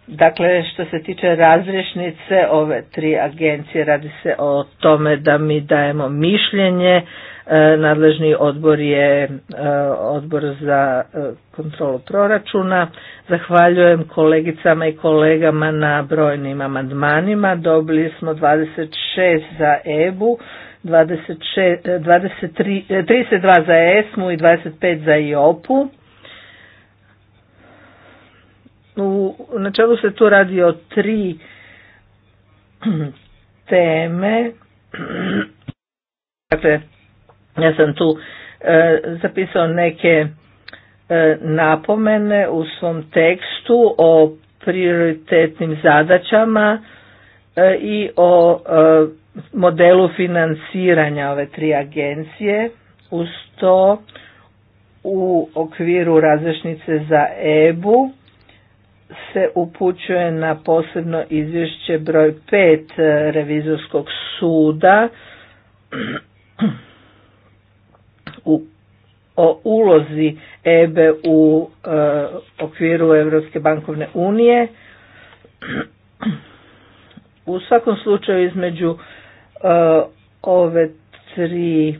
Dakle, što se tiče razrješnice ove tri agencije, radi se o tome da mi dajemo mišljenje E, nadležni odbor je e, odbor za e, kontrolu proračuna. Zahvaljujem kolegicama i kolegama na brojnim amandmanima. Dobili smo 26 za EBU, 26, 32 za ESMU i 25 za IOPU. U načelu se tu radi o tri teme. Dakle, ja sam tu e, zapisao neke e, napomene u svom tekstu o prioritetnim zadaćama e, i o modelu financiranja ove tri agencije. Uz to u okviru različnice za EBU se upućuje na posebno izvješće broj 5 revizorskog suda u, o ulozi EBE e, u okviru Europske bankovne unije. U svakom slučaju između e, ove tri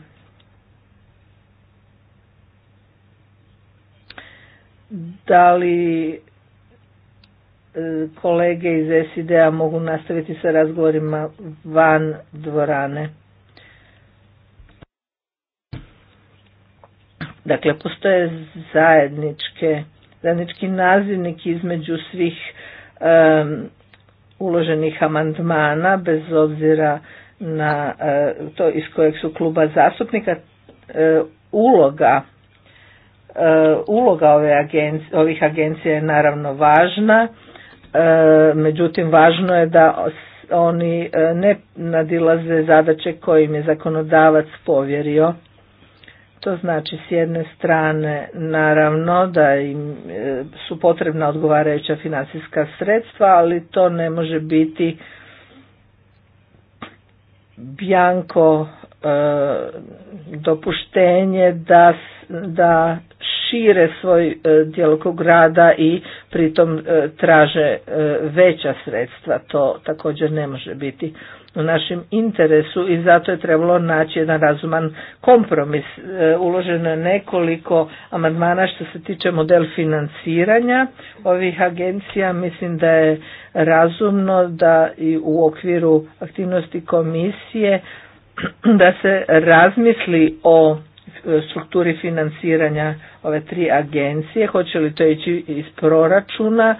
da li e, kolege iz SID-a mogu nastaviti sa razgovorima van dvorane. Dakle, postoje zajedničke, zajednički nazivnik između svih uloženih amandmana, bez obzira na eh, to iz kojeg su kluba zastupnika, eh, uloga eh, uloga ove ovih agencija je naravno važna, međutim važno je da oni ne nadilaze zadaće kojim je zakonodavac povjerio to znači s jedne strane naravno da im e, su potrebna odgovarajuća financijska sredstva, ali to ne može biti bjanko e, dopuštenje da, da šire svoj e, djelokrug rada i pritom e, traže e, veća sredstva. To također ne može biti u našem interesu i zato je trebalo naći jedan razuman kompromis. E, uloženo je nekoliko amandmana što se tiče model financiranja ovih agencija. Mislim da je razumno da i u okviru aktivnosti komisije da se razmisli o strukturi financiranja ove tri agencije, hoće li to ići iz proračuna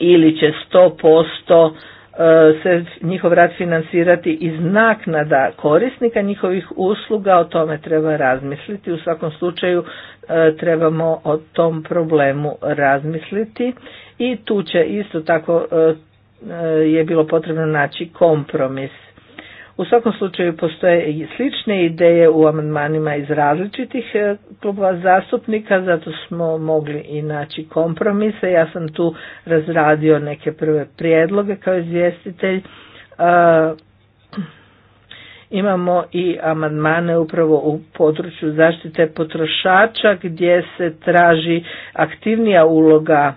ili će 100% E, se njihov rad financirati iz naknada korisnika njihovih usluga, o tome treba razmisliti. U svakom slučaju e, trebamo o tom problemu razmisliti i tu će isto tako e, je bilo potrebno naći kompromis. U svakom slučaju postoje i slične ideje u amandmanima iz različitih e, klubova zastupnika, zato smo mogli i naći kompromise. Ja sam tu razradio neke prve prijedloge kao izvjestitelj. E, imamo i amandmane upravo u području zaštite potrošača gdje se traži aktivnija uloga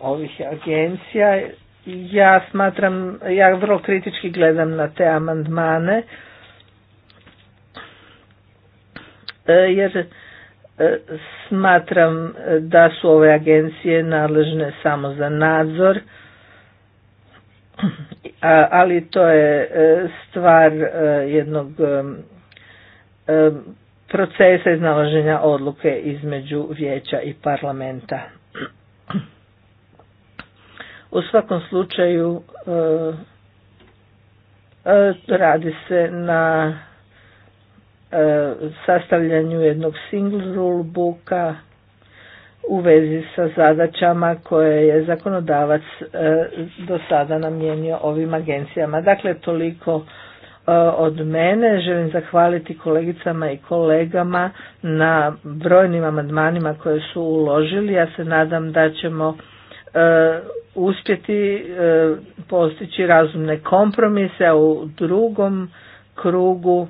ovih agencija ja smatram, ja vrlo kritički gledam na te amandmane, e, jer e, smatram da su ove agencije nadležne samo za nadzor, ali to je e, stvar jednog procesa iznalaženja odluke između vijeća i parlamenta. U svakom slučaju e, e, radi se na e, sastavljanju jednog single rule booka u vezi sa zadaćama koje je zakonodavac do sada namijenio ovim agencijama. Dakle, toliko od mene. Želim zahvaliti kolegicama i kolegama na brojnim amandmanima koje su uložili. Ja se nadam da ćemo uspjeti e, postići razumne kompromise, u drugom krugu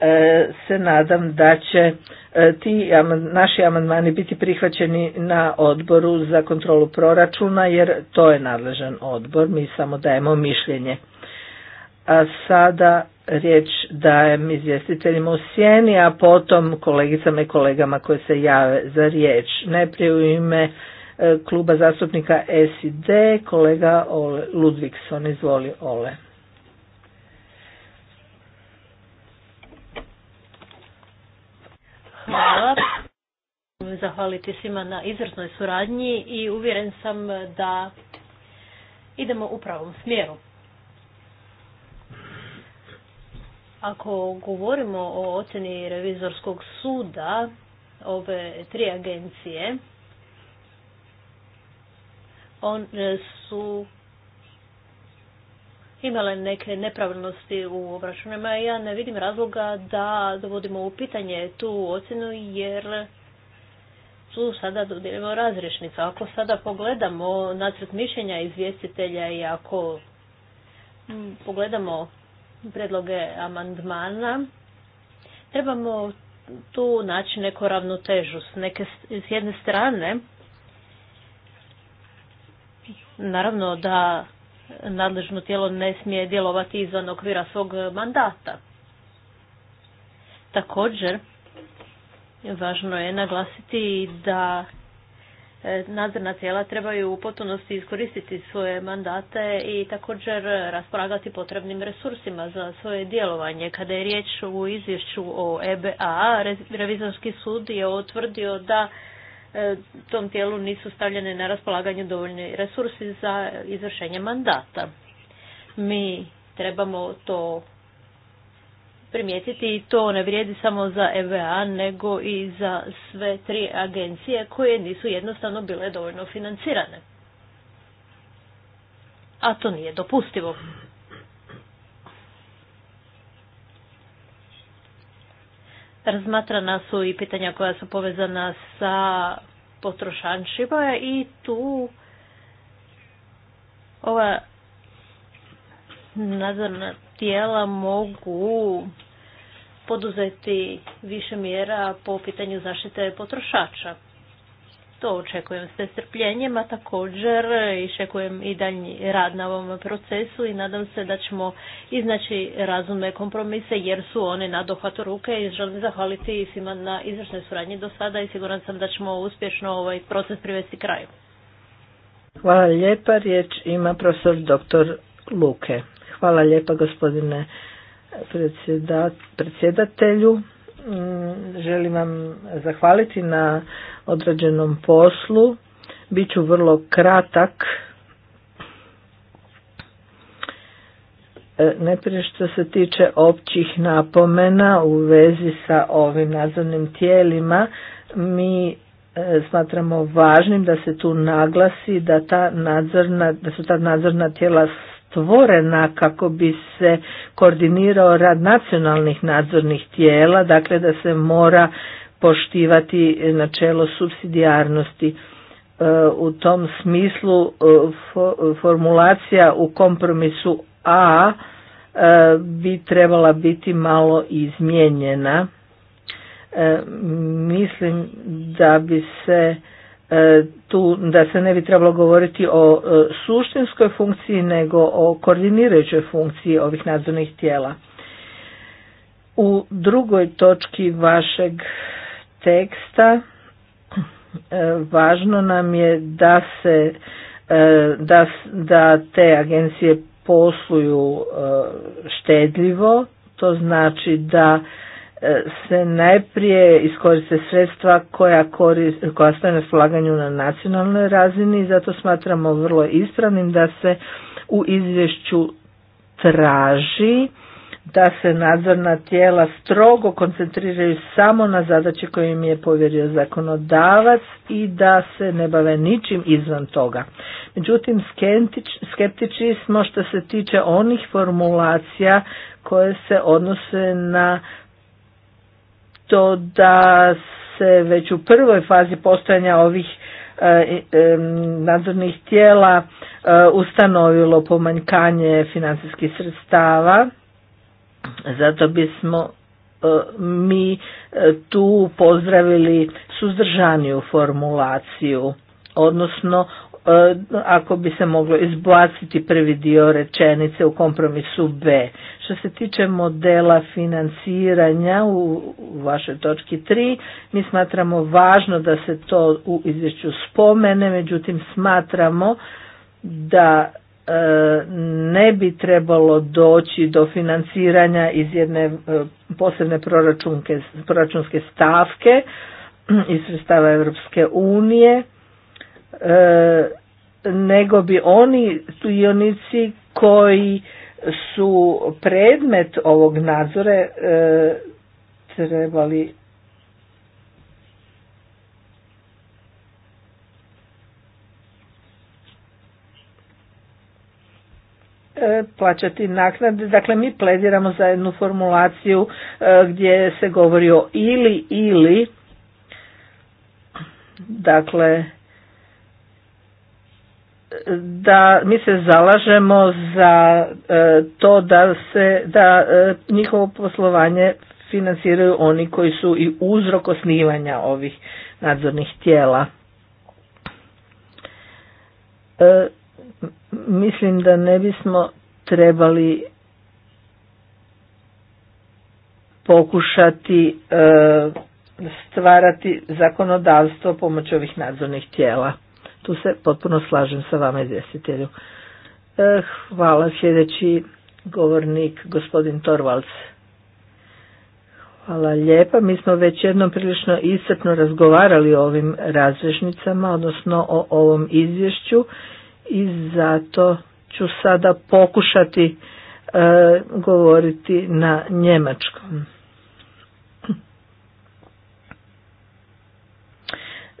e, se nadam da će e, ti naši amandmani biti prihvaćeni na odboru za kontrolu proračuna jer to je nadležan odbor, mi samo dajemo mišljenje. A sada riječ dajem izvjestiteljima u sjeni, a potom kolegicama i kolegama koje se jave za riječ. Najprije u ime E, kluba zastupnika SID, kolega Ole Ludvigson. Izvoli Ole. Hvala. Zahvaliti svima na izvrsnoj suradnji i uvjeren sam da idemo u pravom smjeru. Ako govorimo o ocjeni revizorskog suda ove tri agencije, one su imale neke nepravilnosti u obračunima ja ne vidim razloga da dovodimo u pitanje tu ocjenu jer su sada dodijelimo razrešnicu. Ako sada pogledamo nacrt mišljenja izvjestitelja i ako pogledamo predloge amandmana, trebamo tu naći neku ravnotežu. neke, s jedne strane Naravno da nadležno tijelo ne smije djelovati izvan okvira svog mandata. Također, važno je naglasiti da e, nadzorna tijela trebaju u potpunosti iskoristiti svoje mandate i također raspolagati potrebnim resursima za svoje djelovanje. Kada je riječ u izvješću o EBA, Revizorski sud je otvrdio da E, tom tijelu nisu stavljene na raspolaganje dovoljni resursi za izvršenje mandata. Mi trebamo to primijetiti i to ne vrijedi samo za EVA nego i za sve tri agencije koje nisu jednostavno bile dovoljno financirane. A to nije dopustivo. Razmatrana su i pitanja koja su povezana sa potrošačima i tu ova nadzorna tijela mogu poduzeti više mjera po pitanju zaštite potrošača to očekujem s nestrpljenjem, a također iščekujem i dalji rad na ovom procesu i nadam se da ćemo iznaći razumne kompromise jer su one na dohvatu ruke i želim zahvaliti svima na izvršnoj suradnji do sada i siguran sam da ćemo uspješno ovaj proces privesti kraju. Hvala lijepa, riječ ima profesor dr. Luke. Hvala lijepa gospodine predsjedatelju. Mm, želim vam zahvaliti na odrađenom poslu. Biću vrlo kratak. E, najprije što se tiče općih napomena u vezi sa ovim nadzornim tijelima, mi e, smatramo važnim da se tu naglasi da ta nadzorna, da su ta nadzorna tijela stvorena kako bi se koordinirao rad nacionalnih nadzornih tijela, dakle da se mora poštivati načelo subsidijarnosti. E, u tom smislu e, formulacija u kompromisu A e, bi trebala biti malo izmijenjena. Mislim da bi se E, tu da se ne bi trebalo govoriti o e, suštinskoj funkciji nego o koordinirajućoj funkciji ovih nadzornih tijela. U drugoj točki vašeg teksta e, važno nam je da se da, da te agencije posluju štedljivo, to znači da se najprije iskoriste sredstva koja, koja stoje na slaganju na nacionalnoj razini i zato smatramo vrlo ispravnim da se u izvješću traži da se nadzorna tijela strogo koncentriraju samo na zadaće koje im je povjerio zakonodavac i da se ne bave ničim izvan toga. Međutim, skeptični smo što se tiče onih formulacija koje se odnose na to da se već u prvoj fazi postojanja ovih e, nadzornih tijela e, ustanovilo pomanjkanje financijskih sredstava. Zato bismo e, mi tu pozdravili suzdržaniju formulaciju, odnosno E, ako bi se moglo izbaciti prvi dio rečenice u kompromisu B. Što se tiče modela financiranja u vašoj točki 3, mi smatramo važno da se to u izvješću spomene, međutim smatramo da e, ne bi trebalo doći do financiranja iz jedne e, posebne proračunske stavke iz sredstava Europske unije E, nego bi oni sudionici koji su predmet ovog nadzora e, trebali e, plaćati naknade. Dakle, mi plediramo za jednu formulaciju gdje se govori o ili ili. Dakle, da mi se zalažemo za e, to da se da e, njihovo poslovanje financiraju oni koji su i uzrok osnivanja ovih nadzornih tijela. E, mislim da ne bismo trebali e, pokušati stvarati zakonodavstvo pomoću ovih nadzornih tijela. Tu se potpuno slažem sa vama izvjestitelju. E, hvala sljedeći govornik gospodin Torvalds. Hvala lijepa. Mi smo već jednom prilično iscrpno razgovarali o ovim razrežnicama, odnosno o ovom izvješću i zato ću sada pokušati e, govoriti na njemačkom.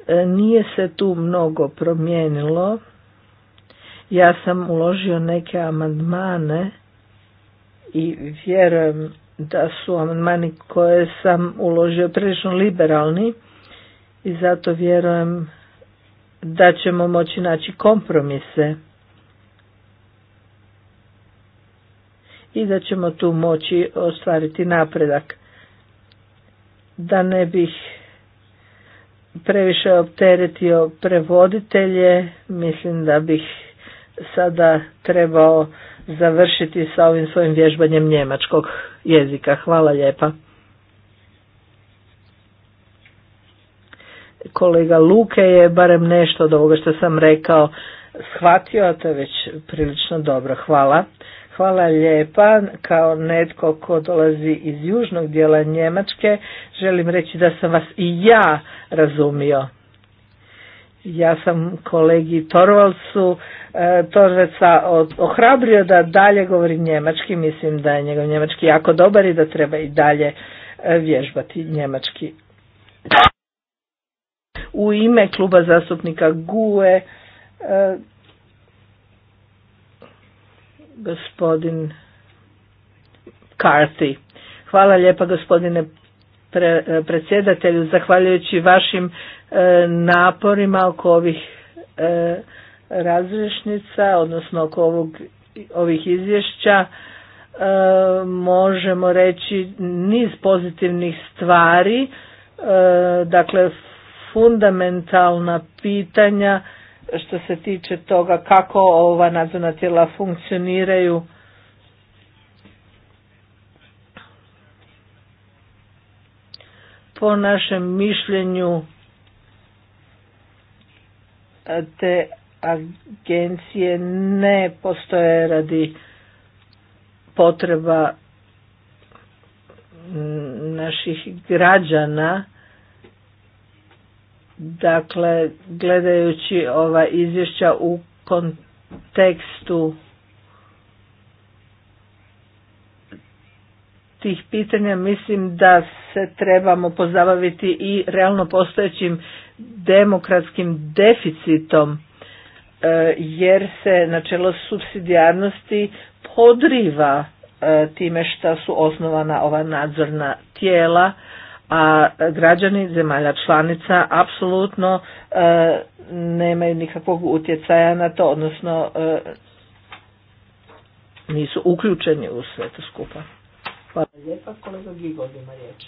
E, nije se tu mnogo promijenilo. Ja sam uložio neke amandmane i vjerujem da su amandmani koje sam uložio prilično liberalni i zato vjerujem da ćemo moći naći kompromise i da ćemo tu moći ostvariti napredak. Da ne bih previše opteretio prevoditelje. Mislim da bih sada trebao završiti sa ovim svojim vježbanjem njemačkog jezika. Hvala lijepa. Kolega Luke je barem nešto od ovoga što sam rekao shvatio, a to je već prilično dobro. Hvala. Hvala lijepa. Kao netko ko dolazi iz južnog dijela Njemačke, želim reći da sam vas i ja razumio. Ja sam kolegi Torvalcu e, Torveca ohrabrio da dalje govori njemački, mislim da je njegov njemački jako dobar i da treba i dalje e, vježbati njemački. U ime kluba zastupnika GUE e, gospodin Carthy. Hvala lijepa gospodine predsjedatelju, zahvaljujući vašim e, naporima oko ovih e, razrešnica, odnosno oko ovog, ovih izvješća, e, možemo reći niz pozitivnih stvari, e, dakle fundamentalna pitanja što se tiče toga kako ova nadzorna tijela funkcioniraju. Po našem mišljenju te agencije ne postoje radi potreba mm, naših građana Dakle, gledajući ova izvješća u kontekstu tih pitanja mislim da se trebamo pozabaviti i realno postojećim demokratskim deficitom e, jer se načelo subsidijarnosti podriva e, time što su osnovana ova nadzorna tijela a građani zemalja članica apsolutno e, nemaju nikakvog utjecaja na to, odnosno e, nisu uključeni u sve to skupa. Hvala lijepa, kolega ima riječ.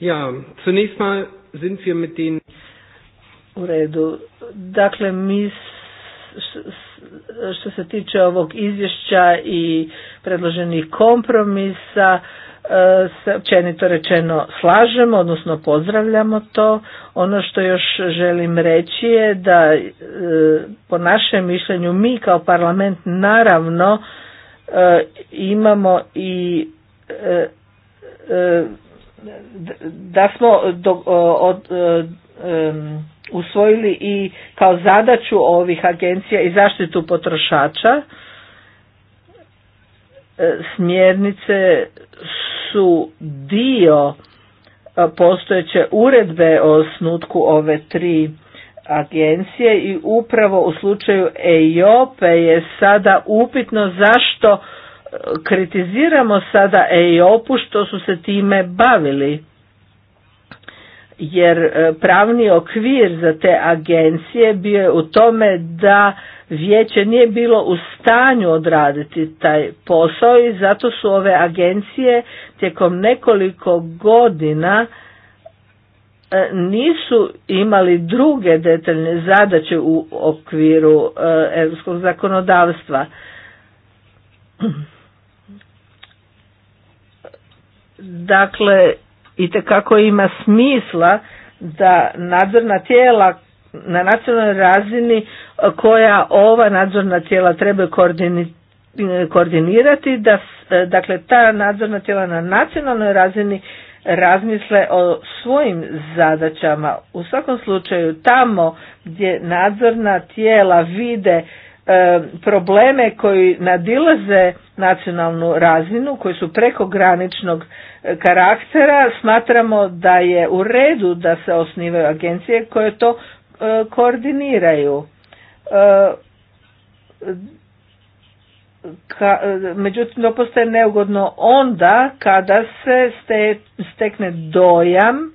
Ja, zunächst mal U redu. Dakle, mi što se tiče ovog izvješća i predloženih kompromisa se općenito rečeno slažemo, odnosno pozdravljamo to. Ono što još želim reći je da e, po našem mišljenju mi kao parlament naravno e, imamo i e, da smo od, usvojili i kao zadaću ovih agencija i zaštitu potrošača. E, smjernice su dio e, postojeće uredbe o snutku ove tri agencije i upravo u slučaju EIOPE je sada upitno zašto e, kritiziramo sada EIOPU što su se time bavili jer e, pravni okvir za te agencije bio je u tome da vijeće nije bilo u stanju odraditi taj posao i zato su ove agencije tijekom nekoliko godina e, nisu imali druge detaljne zadaće u okviru e, europskog zakonodavstva. Dakle, i kako ima smisla da nadzorna tijela na nacionalnoj razini e, koja ova nadzorna tijela treba e, koordinirati da e, dakle ta nadzorna tijela na nacionalnoj razini razmisle o svojim zadaćama. U svakom slučaju tamo gdje nadzorna tijela vide probleme koji nadilaze nacionalnu razinu, koji su preko graničnog karaktera smatramo da je u redu da se osnivaju agencije koje to e, koordiniraju. E, ka, e, međutim to postaje neugodno onda kada se ste, stekne dojam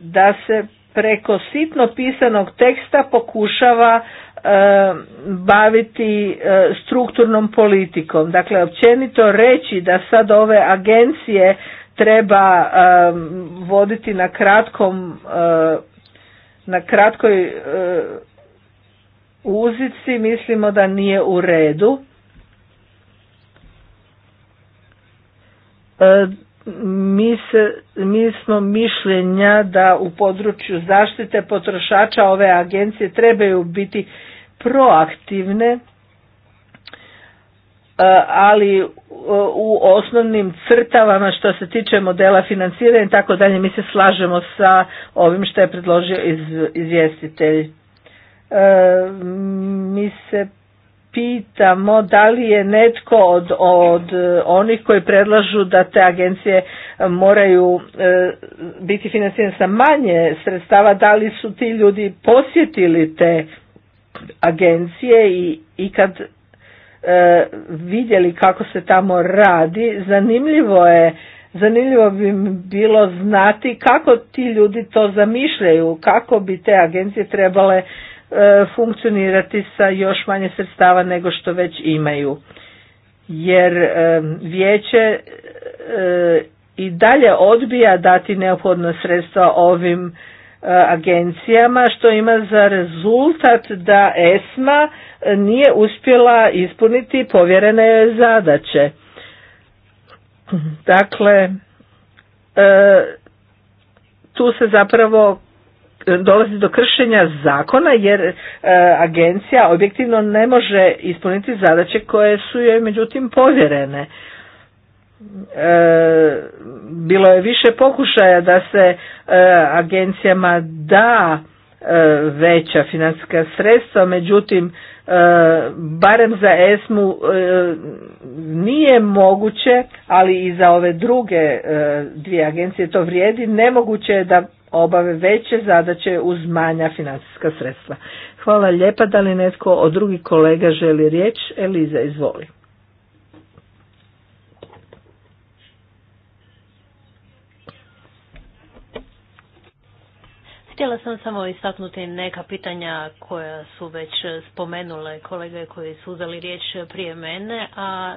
da se preko sitno pisanog teksta pokušava baviti e, strukturnom politikom. Dakle, općenito reći da sad ove agencije treba e, voditi na kratkom e, na kratkoj uzici mislimo da nije u redu. Mi, se, mi smo mišljenja da u području zaštite potrošača ove agencije trebaju biti proaktivne e, ali e, u osnovnim crtavama što se tiče modela financiranja i tako dalje mi se slažemo sa ovim što je predložio iz, izvjestitelj. E, mi se pitamo da li je netko od, od onih koji predlažu da te agencije moraju biti financirane sa manje sredstava, da li su ti ljudi posjetili te agencije i, i kad e, vidjeli kako se tamo radi, zanimljivo je Zanimljivo bi bilo znati kako ti ljudi to zamišljaju, kako bi te agencije trebale e, funkcionirati sa još manje sredstava nego što već imaju. Jer e, vijeće i dalje odbija dati neophodna sredstva ovim agencijama što ima za rezultat da ESMA nije uspjela ispuniti povjerene zadaće. Dakle, e, tu se zapravo dolazi do kršenja zakona jer e, agencija objektivno ne može ispuniti zadaće koje su joj međutim povjerene. E, bilo je više pokušaja da se e, agencijama da e, veća financijska sredstva, međutim barem za ESMU nije moguće, ali i za ove druge dvije agencije to vrijedi, nemoguće je da obave veće zadaće uz manja financijska sredstva. Hvala lijepa, da li netko od drugih kolega želi riječ? Eliza, izvoli. Htjela sam samo istaknuti neka pitanja koja su već spomenule kolege koji su uzeli riječ prije mene, a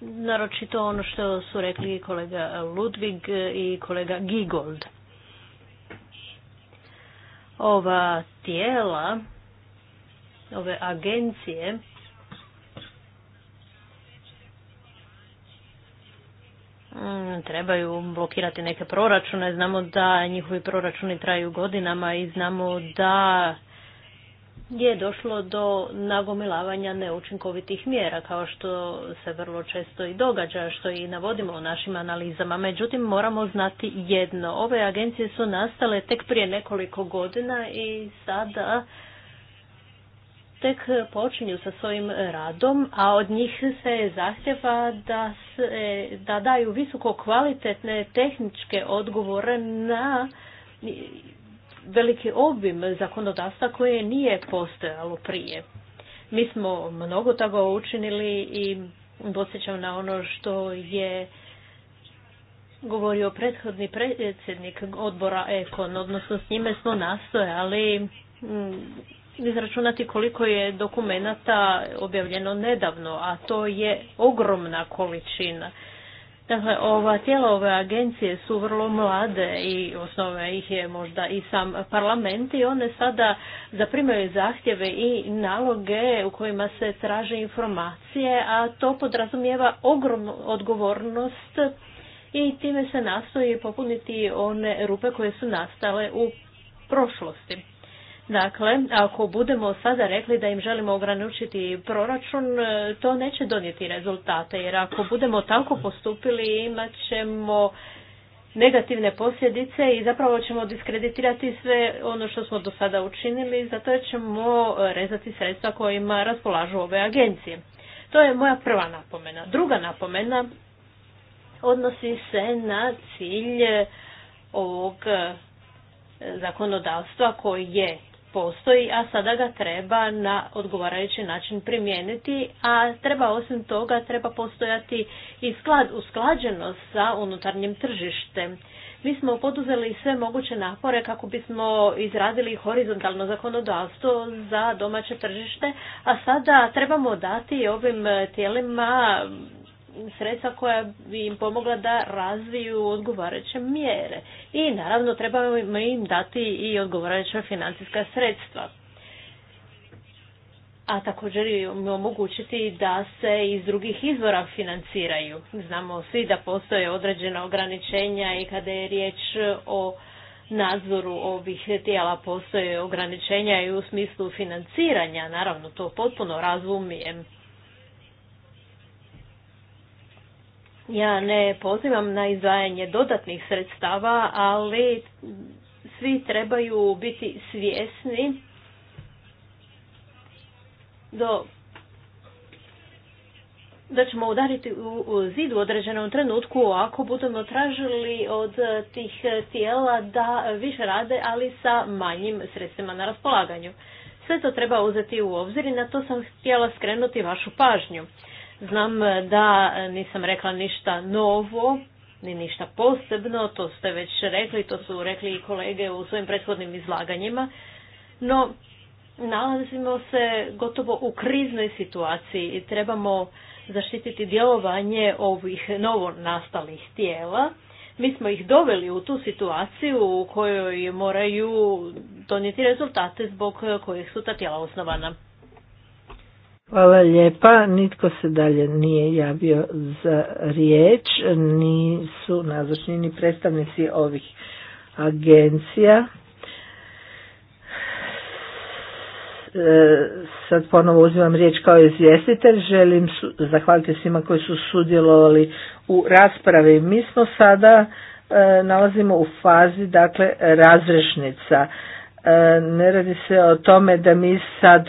naročito ono što su rekli kolega Ludvig i kolega Gigold. Ova tijela, ove agencije, Mm, trebaju blokirati neke proračune. Znamo da njihovi proračuni traju godinama i znamo da je došlo do nagomilavanja neučinkovitih mjera, kao što se vrlo često i događa, što i navodimo u našim analizama. Međutim, moramo znati jedno. Ove agencije su nastale tek prije nekoliko godina i sada tek počinju sa svojim radom, a od njih se zahtjeva da, se, daju visoko kvalitetne tehničke odgovore na veliki obim zakonodavstva koje nije postojalo prije. Mi smo mnogo toga učinili i posjećam na ono što je govorio prethodni predsjednik odbora Ekon, odnosno s njime smo nastojali mm, izračunati koliko je dokumenata objavljeno nedavno, a to je ogromna količina. Dakle, ova tijela, ove agencije su vrlo mlade i osnove ih je možda i sam parlament i one sada zaprimaju zahtjeve i naloge u kojima se traže informacije, a to podrazumijeva ogromnu odgovornost i time se nastoji popuniti one rupe koje su nastale u prošlosti. Dakle, ako budemo sada rekli da im želimo ograničiti proračun, e, to neće donijeti rezultate, jer ako budemo tako postupili imat ćemo negativne posljedice i zapravo ćemo diskreditirati sve ono što smo do sada učinili, zato ćemo rezati sredstva kojima raspolažu ove agencije. To je moja prva napomena. Druga napomena odnosi se na cilj ovog zakonodavstva koji je postoji, a sada ga treba na odgovarajući način primijeniti, a treba osim toga treba postojati i sklad, usklađenost sa unutarnjim tržištem. Mi smo poduzeli sve moguće napore kako bismo izradili horizontalno zakonodavstvo za domaće tržište, a sada trebamo dati ovim tijelima sredstva koja bi im pomogla da razviju odgovarajuće mjere. I naravno trebamo im dati i odgovarajuća financijska sredstva. A također im omogućiti da se iz drugih izvora financiraju. Znamo svi da postoje određena ograničenja i kada je riječ o nadzoru ovih tijela postoje ograničenja i u smislu financiranja. Naravno, to potpuno razumijem. Ja ne pozivam na izdvajanje dodatnih sredstava, ali svi trebaju biti svjesni do da ćemo udariti u zid u određenom trenutku ako budemo tražili od tih tijela da više rade, ali sa manjim sredstvima na raspolaganju. Sve to treba uzeti u obzir i na to sam htjela skrenuti vašu pažnju. Znam e, da nisam rekla ništa novo, ni ništa posebno, to ste već rekli, to su rekli i kolege u svojim prethodnim izlaganjima, no nalazimo se gotovo u kriznoj situaciji i trebamo zaštititi djelovanje ovih novo nastalih tijela. Mi smo ih doveli u tu situaciju u kojoj moraju donijeti rezultate zbog kojih su ta tijela osnovana. Hvala lijepa. Nitko se dalje nije javio za riječ. Nisu nazočni ni predstavnici ovih agencija. E, sad ponovo uzimam riječ kao izvjestitelj. Želim zahvaliti svima koji su sudjelovali u raspravi. Mi smo sada e, nalazimo u fazi dakle razrešnica. E, ne radi se o tome da mi sad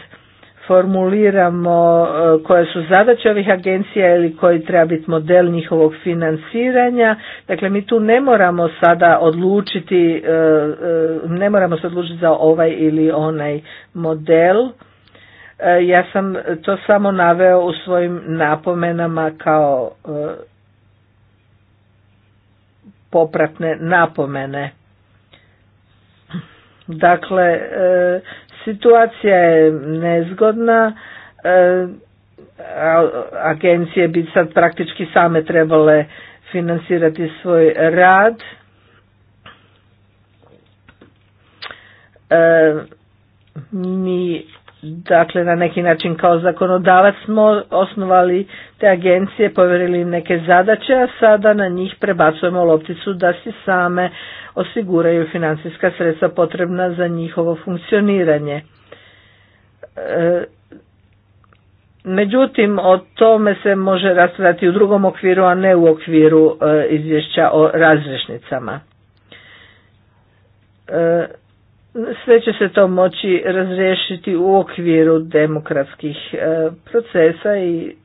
formuliramo e, koje su zadaće ovih agencija ili koji treba biti model njihovog financiranja. Dakle, mi tu ne moramo sada odlučiti, e, e, ne moramo se odlučiti za ovaj ili onaj model. Ja sam to samo naveo u svojim napomenama kao popratne napomene. Dakle, Situacija je nezgodna, e, agencije bi sad praktički same trebale financirati svoj rad. E, mi dakle na neki način kao zakonodavac smo osnovali te agencije, povjerili im neke zadaće, a sada na njih prebacujemo lopticu da si same osiguraju financijska sredstva potrebna za njihovo funkcioniranje. E, međutim, o tome se može raspravljati u drugom okviru, a ne u okviru e, izvješća o razrešnicama. E, sve će se to moći razriješiti u okviru demokratskih e, procesa i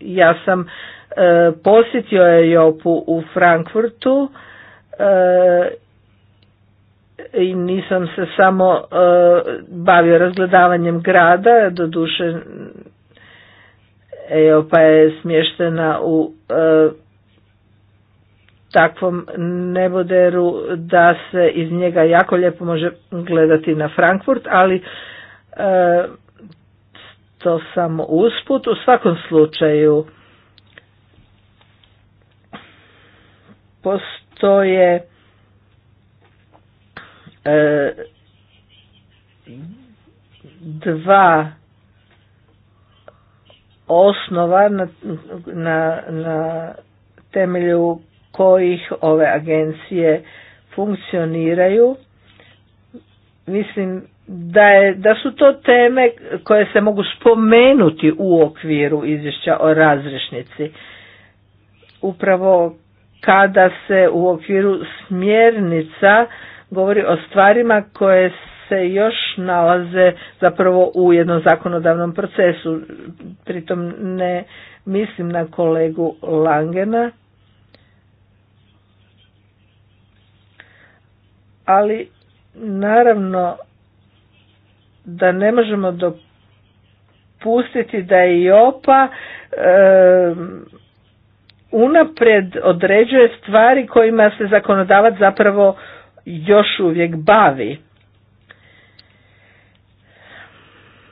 ja sam e, posjetio je u Frankfurtu e, i nisam se samo bavio razgledavanjem grada, doduše Eopa je smještena u takvom neboderu da se iz njega jako lijepo može gledati na Frankfurt, ali e, to samo usput. U svakom slučaju postoje e, dva osnova na, na temelju kojih ove agencije funkcioniraju. Mislim da, je, da su to teme koje se mogu spomenuti u okviru izvješća o razrešnici. Upravo kada se u okviru smjernica govori o stvarima koje se još nalaze zapravo u jednom zakonodavnom procesu. Pritom ne mislim na kolegu Langena. ali naravno da ne možemo dopustiti da i opa e, unaprijed određuje stvari kojima se zakonodavac zapravo još uvijek bavi.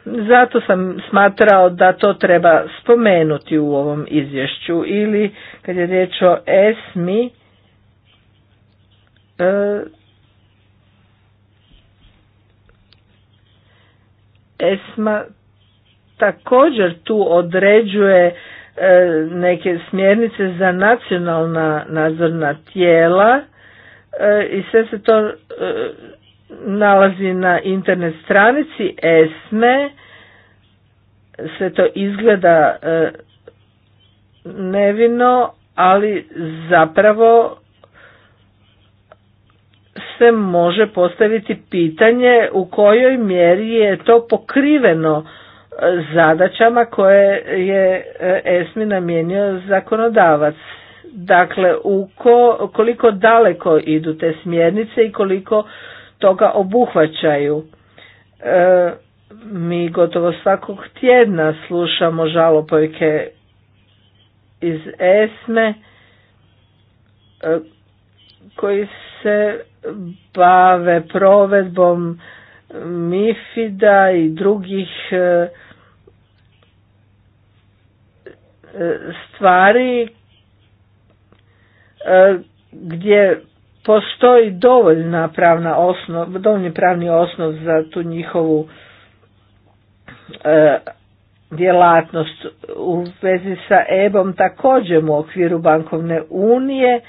Zato sam smatrao da to treba spomenuti u ovom izvješću ili kad je riječ o ESMI, e, ESMA također tu određuje e, neke smjernice za nacionalna nadzorna tijela e, i sve se to e, nalazi na internet stranici ESME. Sve to izgleda nevino, ali zapravo se može postaviti pitanje u kojoj mjeri je to pokriveno e, zadaćama koje je e, ESMI namijenio zakonodavac. Dakle, koliko daleko idu te smjernice i koliko toga obuhvaćaju. E, mi gotovo svakog tjedna slušamo žalopojke iz ESME koji se bave provedbom mifida i drugih e, e, stvari e, gdje postoji dovoljna pravna osnov, dovoljni pravni osnov za tu njihovu djelatnost u vezi sa EBOM također u okviru bankovne unije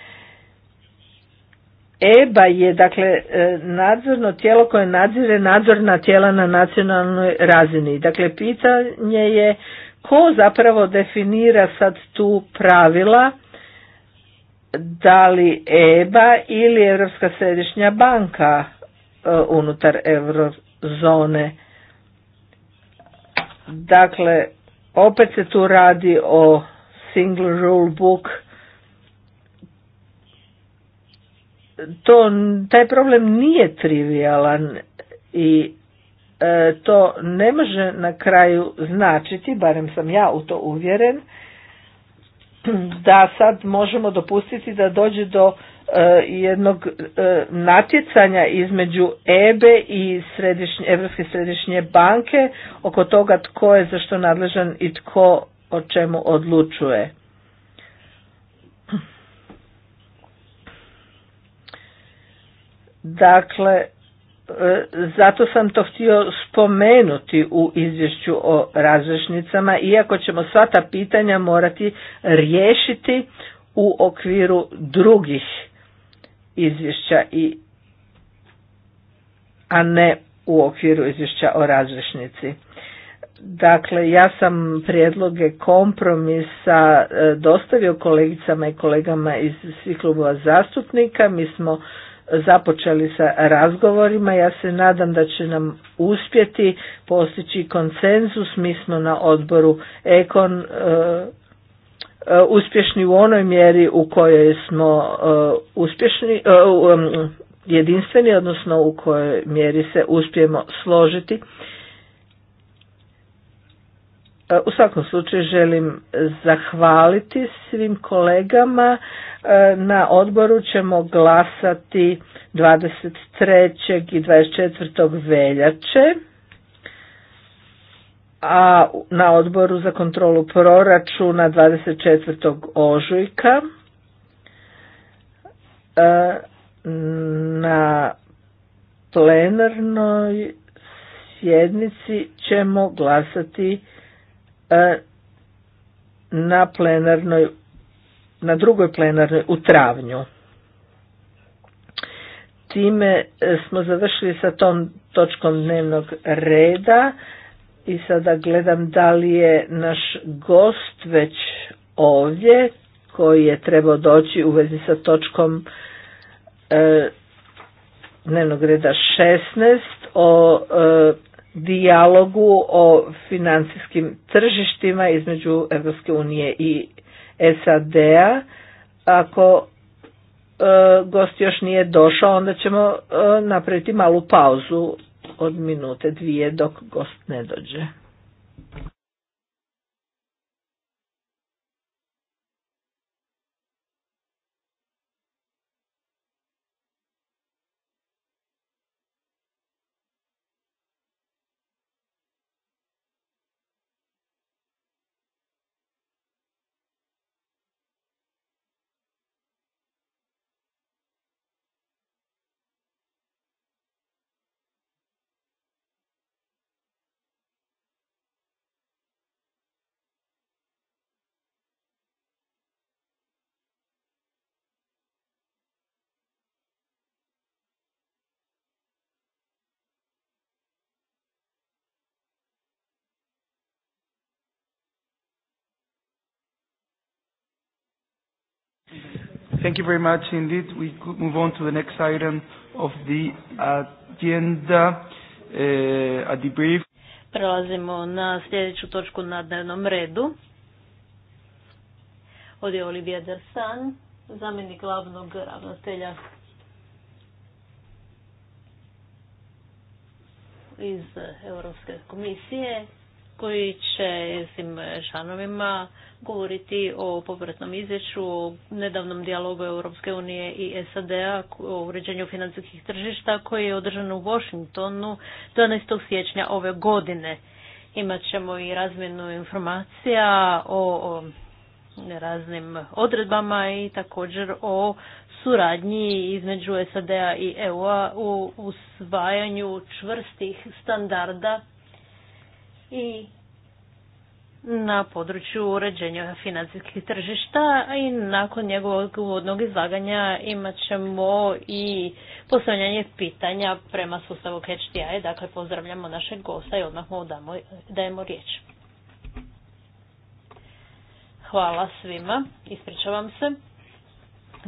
EBA je dakle e, nadzorno tijelo koje nadzire nadzorna tijela na nacionalnoj razini. Dakle, pitanje je ko zapravo definira sad tu pravila, da li EBA ili Europska središnja banka e, unutar eurozone. Dakle, opet se tu radi o single rule book to, taj problem nije trivialan i e, to ne može na kraju značiti, barem sam ja u to uvjeren, da sad možemo dopustiti da dođe do e, jednog e, natjecanja između EBE i središnje, Evropske središnje banke oko toga tko je za što nadležan i tko o čemu odlučuje. Dakle, e, zato sam to htio spomenuti u izvješću o razrešnicama, iako ćemo sva ta pitanja morati riješiti u okviru drugih izvješća i a ne u okviru izvješća o razrešnici. Dakle, ja sam prijedloge kompromisa e, dostavio kolegicama i kolegama iz svih klubova zastupnika. Mi smo započeli sa razgovorima. Ja se nadam da će nam uspjeti postići konsenzus. Mi smo na odboru Ekon e, e, uspješni u onoj mjeri u kojoj smo e, uspješni, jedinstveni, odnosno u kojoj mjeri se uspijemo složiti. E, u svakom slučaju želim zahvaliti svim kolegama. E, na odboru ćemo glasati 23. i 24. veljače, a na odboru za kontrolu proračuna 24. ožujka. E, na plenarnoj sjednici ćemo glasati E, na plenarnoj na drugoj plenarnoj u travnju. Time e, smo završili sa tom točkom dnevnog reda i sada gledam da li je naš gost već ovdje koji je trebao doći u vezi sa točkom e, dnevnog reda 16 o e, dijalogu o financijskim tržištima između Europske unije i SAD-a. Ako e, gost još nije došao, onda ćemo e, napraviti malu pauzu od minute dvije dok gost ne dođe. Thank you very much indeed. We could move on to the next item of the agenda, uh, a debrief. Prelazimo na sljedeću točku na dnevnom redu. Ovdje je Olivia Dersan, zamjenik glavnog ravnatelja iz Europske komisije koji će svim članovima govoriti o povratnom izvješću, o nedavnom dijalogu Europske unije i SAD-a o uređenju financijskih tržišta koji je održan u Washingtonu 12. siječnja ove godine. Imat ćemo i razmjenu informacija o, o raznim odredbama i također o suradnji između SAD-a i EU-a u usvajanju čvrstih standarda i na području uređenja financijskih tržišta i nakon njegovog uvodnog izlaganja imat ćemo i postavljanje pitanja prema sustavu HDI. Dakle, pozdravljamo našeg gosta i odmah mu dajemo riječ. Hvala svima, ispričavam se.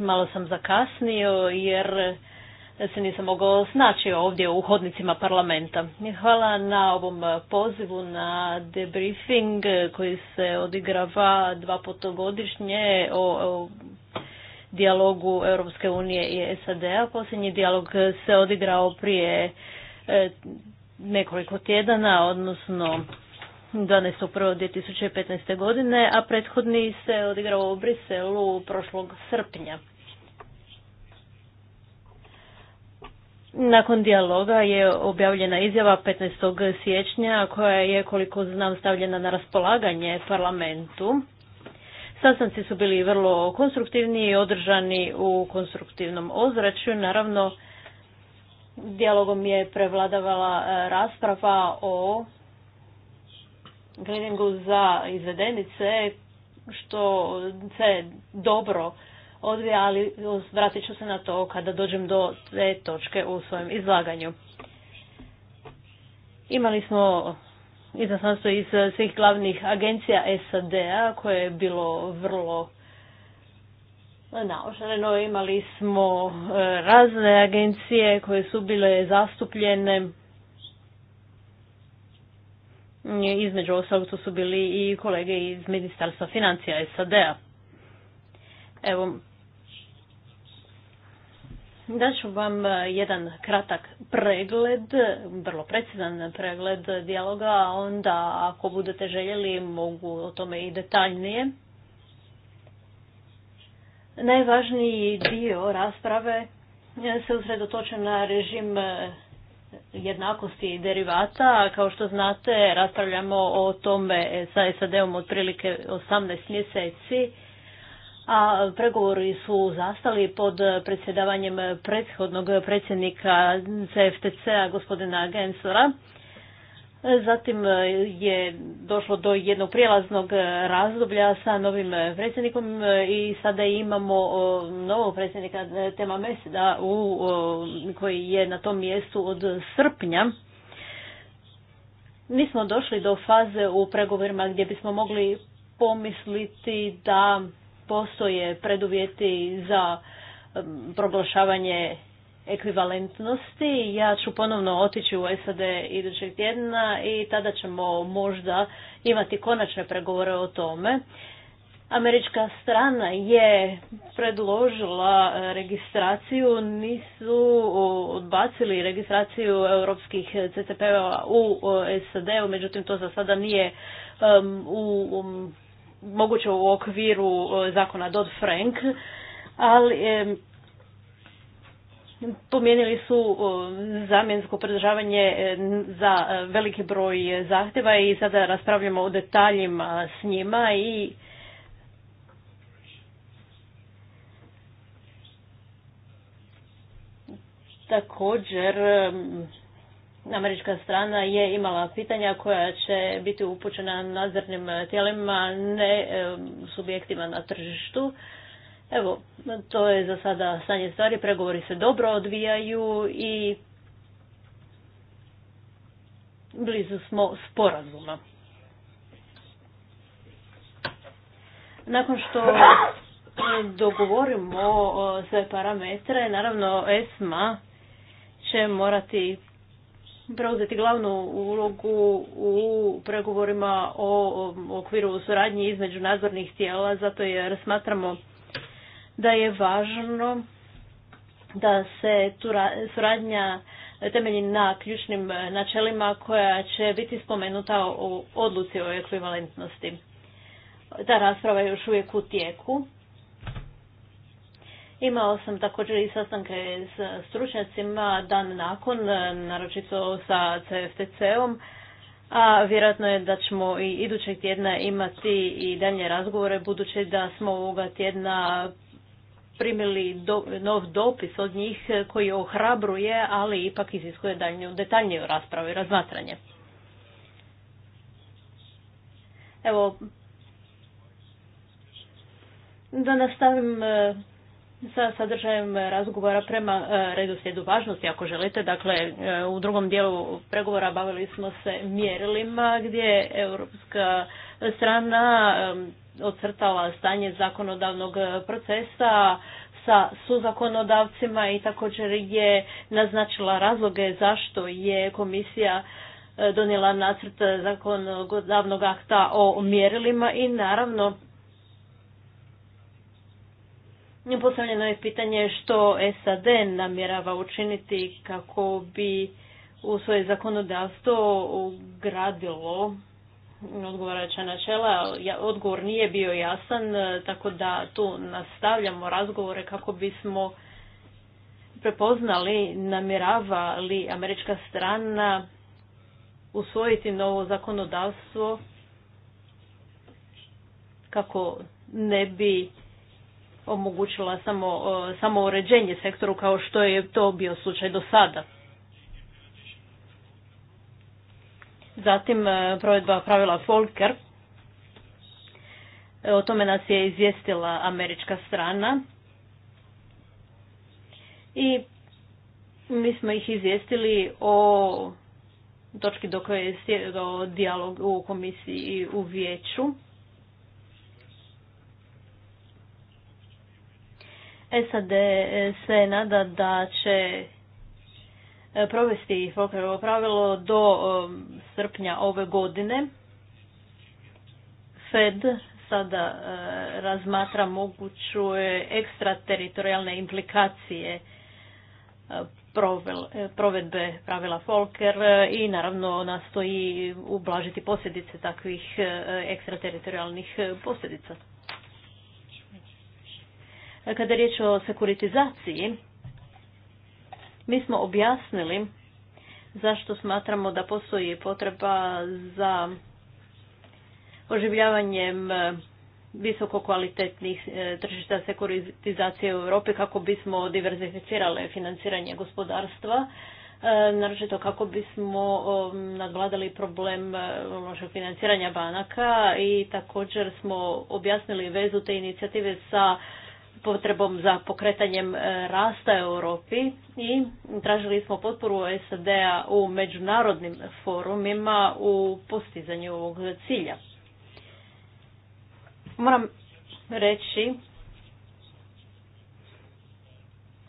Malo sam zakasnio jer se nisam mogao snaći ovdje u hodnicima parlamenta. Hvala na ovom pozivu na debriefing koji se odigrava dva puta godišnje o, dijalogu Europske unije i SAD-a. Posljednji dijalog se odigrao prije e, nekoliko tjedana, odnosno 12.1.2015. godine, a prethodni se odigrao u Briselu prošlog srpnja. Nakon dijaloga je objavljena izjava 15. siječnja koja je koliko znam stavljena na raspolaganje parlamentu. Sastanci su bili vrlo konstruktivni i održani u konstruktivnom ozračju. Naravno, dijalogom je prevladavala e, rasprava o gledingu za izvedenice, što se dobro odvija, ali vratit ću se na to kada dođem do te točke u svojem izlaganju. Imali smo izaslanstvo iz svih glavnih agencija SAD-a koje je bilo vrlo naošareno. Imali smo e, razne agencije koje su bile zastupljene. Između ostalog to su bili i kolege iz Ministarstva financija SAD-a. Evo, Daću vam e, jedan kratak pregled, vrlo precizan pregled dijaloga, a onda ako budete željeli mogu o tome i detaljnije. Najvažniji dio rasprave se usredotočen na režim e, jednakosti i derivata. Kao što znate, raspravljamo o tome sa SAD-om otprilike 18 mjeseci a pregovori su zastali pod predsjedavanjem prethodnog predsjednika CFTC-a gospodina Gensora. Zatim je došlo do jednog prijelaznog razdoblja sa novim predsjednikom i sada imamo novog predsjednika Tema Mesida u, koji je na tom mjestu od srpnja. Nismo došli do faze u pregovorima gdje bismo mogli pomisliti da postoje preduvjeti za proglašavanje ekvivalentnosti. Ja ću ponovno otići u SAD idućeg tjedna i tada ćemo možda imati konačne pregovore o tome. Američka strana je predložila registraciju, nisu odbacili registraciju europskih CCP-a u SAD-u, međutim to za sada nije u moguće u okviru e, zakona Dodd-Frank, ali e, Pomijenili su e, zamjensko predržavanje za veliki broj zahtjeva i sada raspravljamo o detaljima s njima i također američka strana je imala pitanja koja će biti upućena nadzornim tijelima, ne subjektima na tržištu. Evo, to je za sada stanje stvari, pregovori se dobro odvijaju i blizu smo sporazuma. Nakon što dogovorimo sve parametre, naravno ESMA će morati preuzeti glavnu ulogu u pregovorima o okviru suradnje između nadzornih tijela, zato jer smatramo da je važno da se suradnja temelji na ključnim načelima koja će biti spomenuta u odluci o ekvivalentnosti. Ta rasprava je još uvijek u tijeku Imao sam također i sastanke s stručnjacima dan nakon, naročito sa CFTC-om, a vjerojatno je da ćemo i idućeg tjedna imati i dalje razgovore, budući da smo ovoga tjedna primili nov dopis od njih koji ohrabruje, ali ipak iziskuje daljnju detaljniju raspravu i razmatranje. Evo, da nastavim sa sadržajem razgovora prema e, redoslijedu važnosti, ako želite. Dakle, e, u drugom dijelu pregovora bavili smo se mjerilima gdje je europska strana e, ocrtala stanje zakonodavnog procesa sa suzakonodavcima i također je naznačila razloge zašto je komisija donijela nacrt zakonodavnog akta o mjerilima i naravno Postavljeno je pitanje što SAD namjerava učiniti kako bi u svoje zakonodavstvo ugradilo odgovarajuća načela. Odgovor nije bio jasan, tako da tu nastavljamo razgovore kako bismo prepoznali namjerava li američka strana usvojiti novo zakonodavstvo kako ne bi omogućila samo, samo uređenje sektoru kao što je to bio slučaj do sada. Zatim e, provedba pravila Volker. E, o tome nas je izvijestila američka strana. I mi smo ih izvijestili o točki do koje je sjedio dijalog u komisiji i u vijeću. SAD se nada da će e, provesti Fokerovo pravilo do e, srpnja ove godine. Fed sada e, razmatra moguću ekstrateritorijalne implikacije provedbe pravila Folker i naravno nastoji ublažiti posljedice takvih ekstrateritorijalnih posljedica. Kada je riječ o sekuritizaciji, mi smo objasnili zašto smatramo da postoji potreba za oživljavanjem e, kvalitetnih e, tržišta sekuritizacije u Europi kako bismo diverzificirali financiranje gospodarstva, e, naročito kako bismo nadvladali problem lošeg financiranja banaka i također smo objasnili vezu te inicijative sa potrebom za pokretanjem e, rasta Europi i tražili smo potporu SAD-a u međunarodnim forumima u postizanju ovog cilja. Moram reći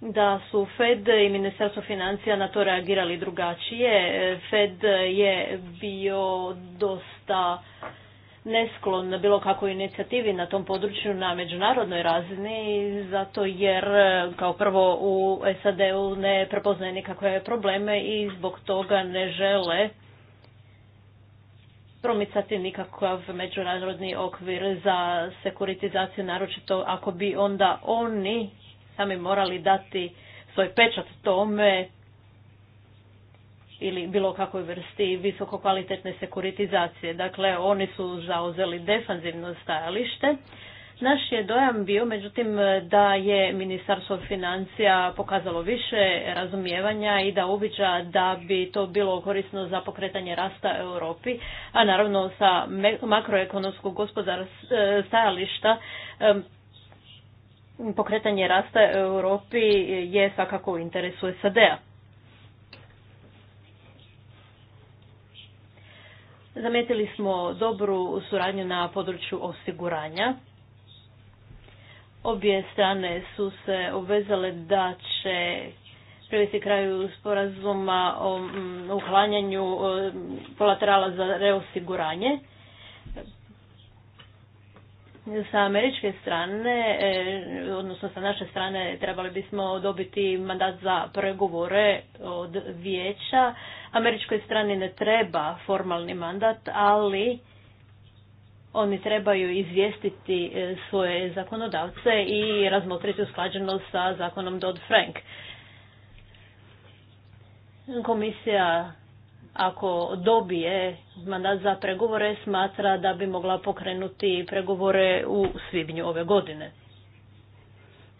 da su Fed i Ministarstvo financija na to reagirali drugačije. E, Fed je bio dosta nesklon bilo kakvoj inicijativi na tom području na međunarodnoj razini, zato jer e, kao prvo u SAD-u ne prepoznaje nikakve probleme i zbog toga ne žele promicati nikakav međunarodni okvir za sekuritizaciju, naročito ako bi onda oni sami morali dati svoj pečat tome ili bilo kakvoj vrsti visokokvalitetne sekuritizacije. Dakle, oni su zauzeli defanzivno stajalište. Naš je dojam bio, međutim, da je Ministarstvo financija pokazalo više razumijevanja i da uviđa da bi to bilo korisno za pokretanje rasta Europi, a naravno sa makroekonomskog gospodar stajališta pokretanje rasta Europi je svakako u interesu SAD-a. Zametili smo dobru suradnju na području osiguranja. Obje strane su se obvezale da će privesti kraju sporazuma o mm, uklanjanju kolaterala za reosiguranje. Sa američke strane, e, odnosno sa naše strane, trebali bismo dobiti mandat za pregovore od vijeća Američkoj strani ne treba formalni mandat, ali oni trebaju izvijestiti e, svoje zakonodavce i razmotriti usklađenost sa zakonom Dodd-Frank. Komisija ako dobije mandat za pregovore smatra da bi mogla pokrenuti pregovore u svibnju ove godine.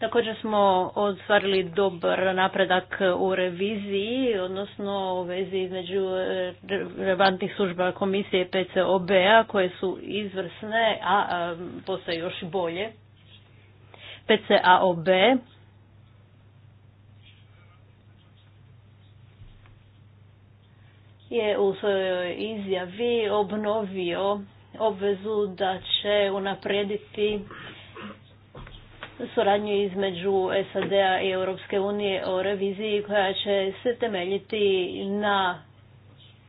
Također smo ostvarili dobar napredak u reviziji, odnosno u vezi između eh, relevantnih služba komisije PCOB-a koje su izvrsne, a postoje još bolje. PCAOB je u svojoj izjavi obnovio obvezu da će unaprijediti suradnju između SAD-a i Europske unije o reviziji koja će se temeljiti na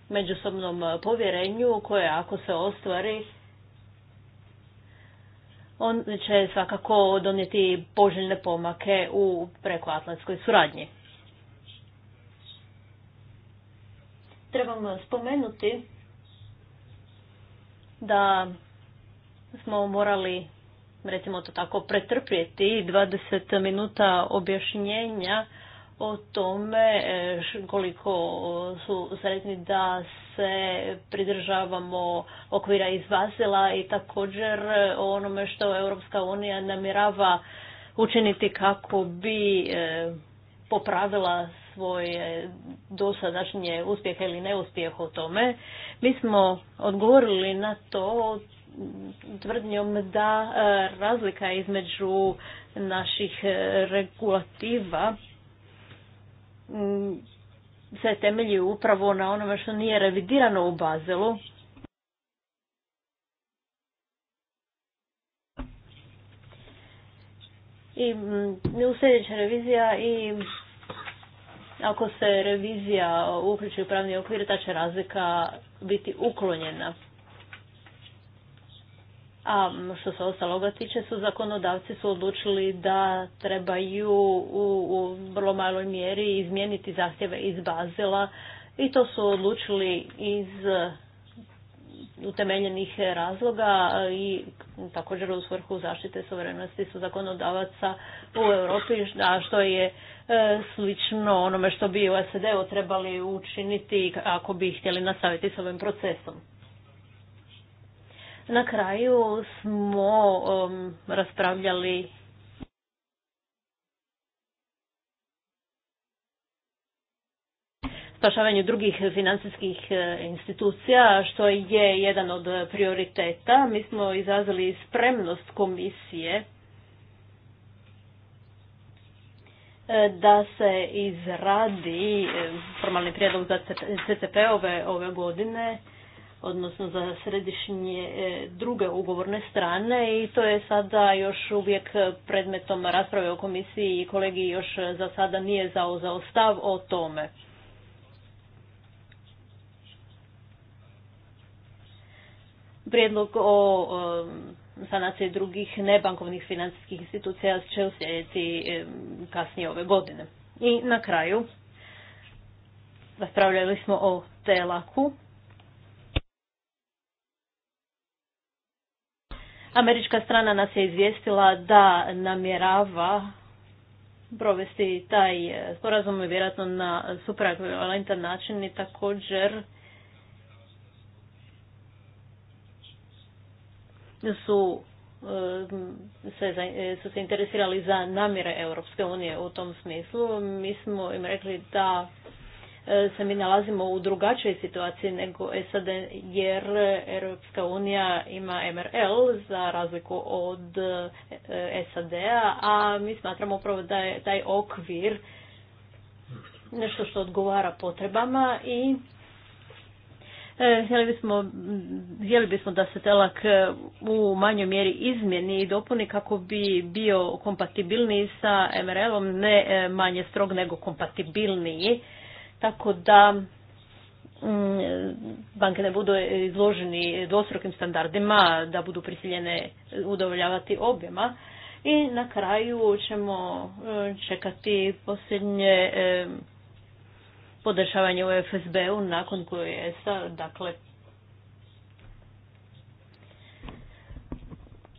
međusobnom povjerenju koje ako se ostvari on će svakako donijeti poželjne pomake u prekoatlantskoj suradnji. Trebamo spomenuti da smo morali recimo to tako, pretrpjeti 20 minuta objašnjenja o tome e, koliko su sretni da se pridržavamo okvira iz vazila i također e, o onome što Europska unija namirava učiniti kako bi e, popravila svoje dosadašnje uspjehe ili neuspjeh o tome. Mi smo odgovorili na to tvrdnjom da e, razlika između naših e, regulativa mm, se temelji upravo na onome što nije revidirano u Bazelu. I mm, u sljedeća revizija i ako se revizija uključi u pravni okvir, ta će razlika biti uklonjena. A što se ostaloga tiče, su zakonodavci su odlučili da trebaju u, u vrlo maloj mjeri izmijeniti zahtjeve iz Bazela i to su odlučili iz utemeljenih razloga i također u svrhu zaštite suverenosti su zakonodavaca u Europi, a što je e, slično onome što bi u SAD-u trebali učiniti ako bi htjeli nastaviti s ovim procesom. Na kraju smo um, raspravljali spašavanju drugih financijskih e, institucija, što je jedan od prioriteta. Mi smo izrazili spremnost komisije e, da se izradi e, formalni prijedlog za CCP ove, ove godine odnosno za središnje e, druge ugovorne strane i to je sada još uvijek predmetom rasprave o komisiji i kolegi još za sada nije zauzao stav o tome. Prijedlog o e, sanaciji drugih nebankovnih financijskih institucija će uslijediti e, kasnije ove godine. I na kraju raspravljali smo o telaku Američka strana nas je izvijestila da namjerava provesti taj e, sporazum i vjerojatno na supraekvivalentan način i također su e, se, e, su se interesirali za namjere Europske unije u tom smislu. Mi smo im rekli da E, se mi nalazimo u drugačijoj situaciji nego SAD jer Europska unija ima MRL za razliku od e, SAD-a, a mi smatramo upravo da je taj okvir nešto što odgovara potrebama i e, Htjeli bismo, htjeli bismo da se telak u manjoj mjeri izmjeni i dopuni kako bi bio kompatibilniji sa MRL-om, ne manje strog nego kompatibilniji tako da mm, banke ne budu izloženi dvostrukim standardima, da budu prisiljene udovoljavati objema. I na kraju ćemo eh, čekati posljednje eh, podršavanje u FSB-u nakon koje je dakle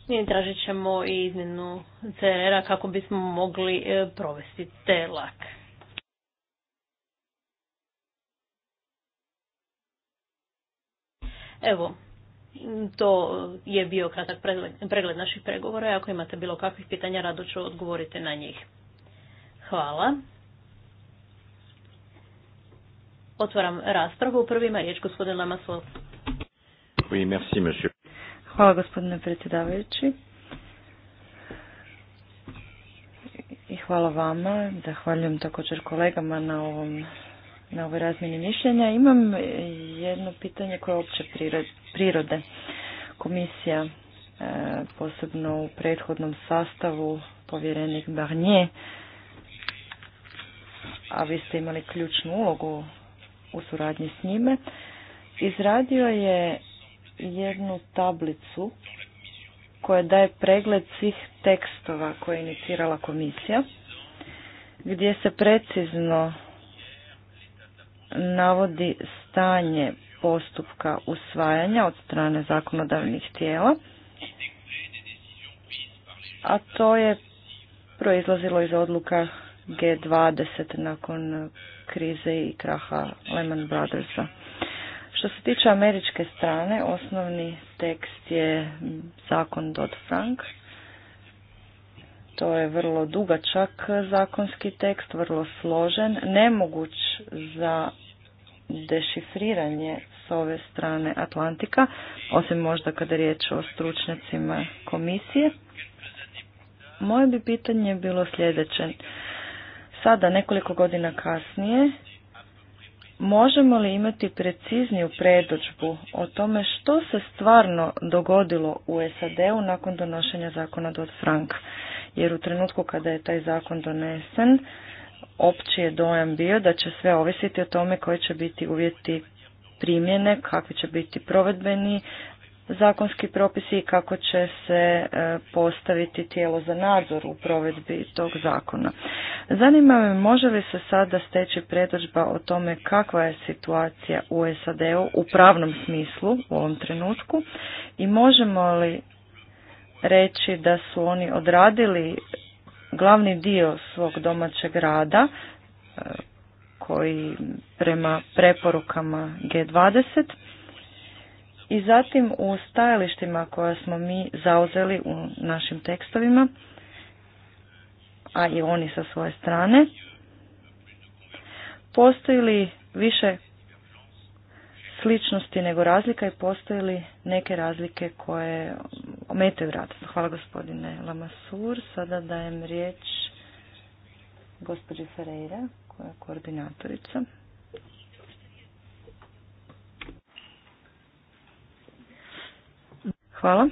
i tražit ćemo i izmjenu CR-a kako bismo mogli eh, provesti te lak. Evo, to je bio kratak pregled naših pregovora. Ako imate bilo kakvih pitanja, rado ću odgovoriti na njih. Hvala. Otvaram raspravu. u prvima riječ gospodin Lamasol. Hvala gospodine predsjedavajući. I hvala vama. Zahvaljujem također kolegama na ovom na ovoj razmjeni mišljenja. Imam jedno pitanje koje je opće prirode. Komisija, e, posebno u prethodnom sastavu, povjerenik Barnier, a vi ste imali ključnu ulogu u suradnji s njime, izradio je jednu tablicu koja daje pregled svih tekstova koje je inicirala komisija, gdje se precizno navodi stanje postupka usvajanja od strane zakonodavnih tijela, a to je proizlazilo iz odluka G20 nakon krize i kraha Lehman Brothersa. Što se tiče američke strane, osnovni tekst je zakon Dodd-Frank. To je vrlo dugačak zakonski tekst, vrlo složen, nemoguć za dešifriranje s ove strane Atlantika, osim možda kada je riječ o stručnjacima komisije. Moje bi pitanje bilo sljedeće. Sada, nekoliko godina kasnije, možemo li imati precizniju predođbu o tome što se stvarno dogodilo u SAD-u nakon donošenja zakona Dodd-Frank? Jer u trenutku kada je taj zakon donesen, opći je dojam bio da će sve ovisiti o tome koji će biti uvjeti primjene, kakvi će biti provedbeni zakonski propisi i kako će se e, postaviti tijelo za nadzor u provedbi tog zakona. Zanima me može li se sada steći predođba o tome kakva je situacija u SAD-u u pravnom smislu u ovom trenutku i možemo li reći da su oni odradili glavni dio svog domaćeg rada e, koji prema preporukama G20 i zatim u stajalištima koja smo mi zauzeli u našim tekstovima, a i oni sa svoje strane, postoji li više sličnosti nego razlika i postoje li neke razlike koje ometaju rad. Hvala gospodine Lamasur. Sada dajem riječ gospođi Ferreira, koja je koordinatorica. Hvala.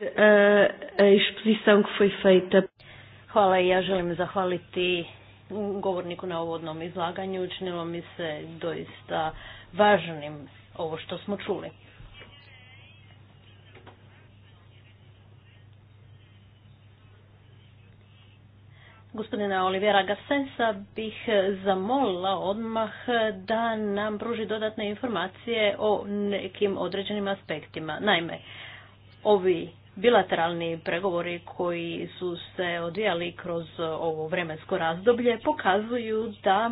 E, e, Hvala i ja želim zahvaliti govorniku na uvodnom izlaganju. Učinilo mi se doista važnim ovo što smo čuli. gospodina Olivera Gasensa bih zamolila odmah da nam pruži dodatne informacije o nekim određenim aspektima. Naime, ovi bilateralni pregovori koji su se odvijali kroz ovo vremensko razdoblje pokazuju da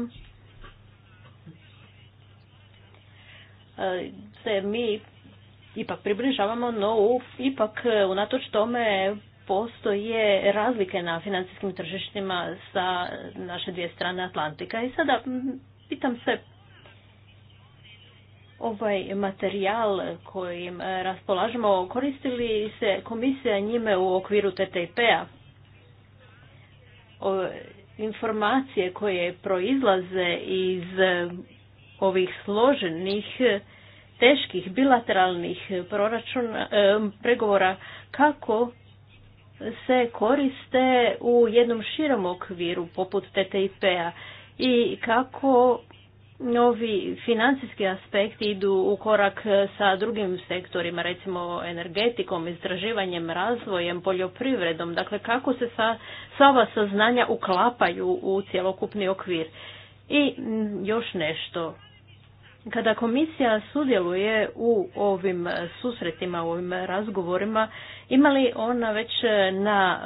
e, se mi ipak približavamo, no ipak unatoč tome postoje razlike na financijskim tržištima sa naše dvije strane Atlantika. I sada pitam se ovaj materijal kojim raspolažemo, koristili se komisija njime u okviru TTIP-a? Informacije koje proizlaze iz e, ovih složenih, teških bilateralnih proračuna, e, pregovora kako se koriste u jednom širom okviru poput TTIP-a i kako novi financijski aspekti idu u korak sa drugim sektorima, recimo energetikom, istraživanjem, razvojem, poljoprivredom, dakle kako se sa, sva saznanja uklapaju u cjelokupni okvir. I mm, još nešto, kada komisija sudjeluje u ovim susretima, u ovim razgovorima, ima li ona već na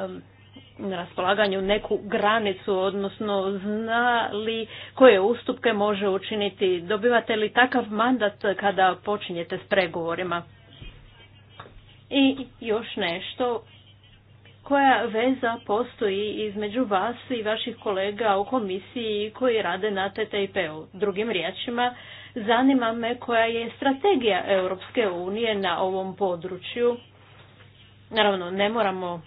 raspolaganju neku granicu, odnosno zna li koje ustupke može učiniti? Dobivate li takav mandat kada počinjete s pregovorima? I još nešto, koja veza postoji između vas i vaših kolega u komisiji koji rade na TTIP-u? Drugim riječima, Zanima me koja je strategija Europske unije na ovom području. Naravno, ne moramo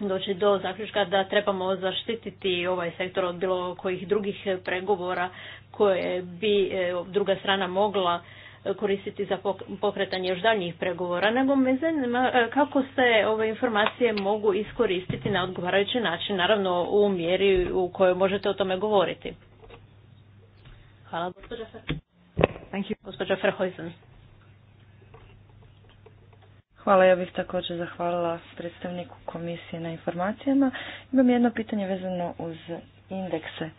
doći do zaključka da trebamo zaštititi ovaj sektor od bilo kojih drugih pregovora koje bi e, druga strana mogla koristiti za pokretanje još daljnjih pregovora, nego me zanima e, kako se ove informacije mogu iskoristiti na odgovarajući način, naravno u mjeri u kojoj možete o tome govoriti. Hvala, gospođa Thank you. Hvala, ja bih također zahvalila predstavniku komisije na informacijama. Imam jedno pitanje vezano uz indekse.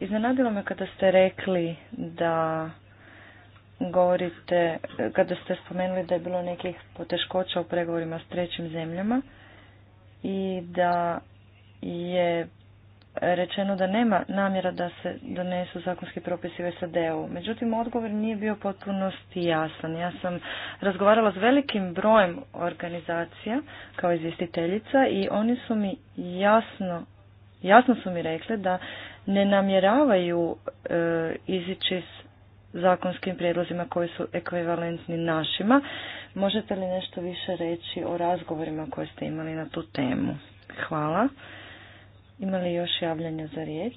Iznenadilo me kada ste rekli da govorite, kada ste spomenuli da je bilo nekih poteškoća u pregovorima s trećim zemljama i da je rečeno da nema namjera da se donesu zakonski propisi u SAD-u. Međutim, odgovor nije bio potpunosti jasan. Ja sam razgovarala s velikim brojem organizacija kao izvjestiteljica i oni su mi jasno, jasno su mi rekli da ne namjeravaju e, izići s zakonskim prijedlozima koji su ekvivalentni našima. Možete li nešto više reći o razgovorima koje ste imali na tu temu? Hvala. Ima li još javljanja za riječ?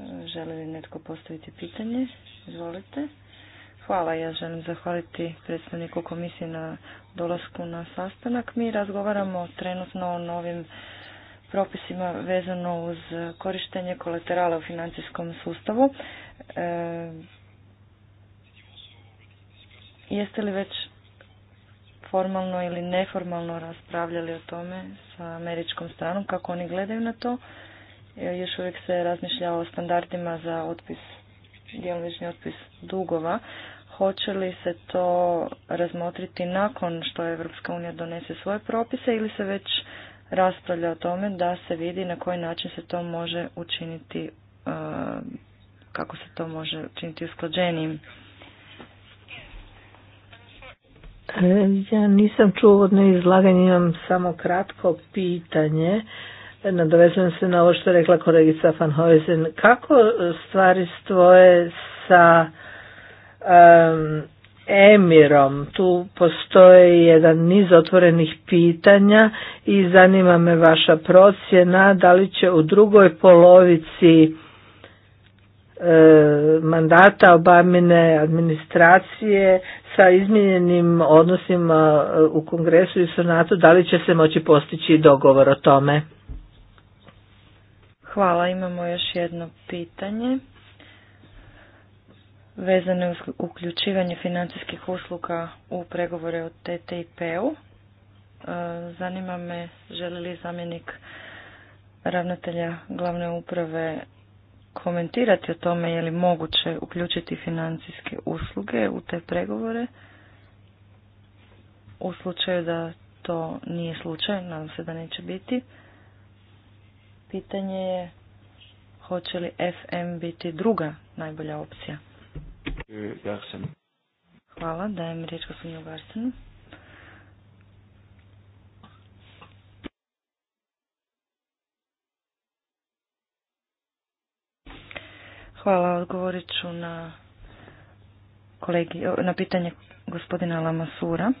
E, Želi li netko postaviti pitanje? Izvolite. Hvala, ja želim zahvaliti predstavniku komisije na dolasku na sastanak. Mi razgovaramo trenutno o novim propisima vezano uz korištenje kolaterala u financijskom sustavu. E, jeste li već formalno ili neformalno raspravljali o tome sa američkom stranom, kako oni gledaju na to. E, još uvijek se razmišlja o standardima za otpis, djelomični otpis dugova. Hoće li se to razmotriti nakon što Evropska unija donese svoje propise ili se već raspravlja o tome da se vidi na koji način se to može učiniti, e, kako se to može učiniti usklađenijim. E, ja nisam čuo uvodno izlaganje, imam samo kratko pitanje. Nadovezujem se na ovo što je rekla kolegica Van Hojzen. Kako stvari stvoje sa Emirom? Tu postoji jedan niz otvorenih pitanja i zanima me vaša procjena da li će u drugoj polovici mandata Obamine administracije sa izmijenjenim odnosima e, u Kongresu i Senatu, da li će se moći postići dogovor o tome? Hvala, imamo još jedno pitanje vezano je uključivanje financijskih usluga u pregovore o TTIP-u. E, zanima me, želi li zamjenik ravnatelja glavne uprave komentirati o tome je li moguće uključiti financijske usluge u te pregovore u slučaju da to nije slučaj, nadam se da neće biti. Pitanje je hoće li FM biti druga najbolja opcija. E, Hvala, dajem riječ gospodinu Hvala, odgovorit ću na, kolegi, na pitanje gospodina Lamasura.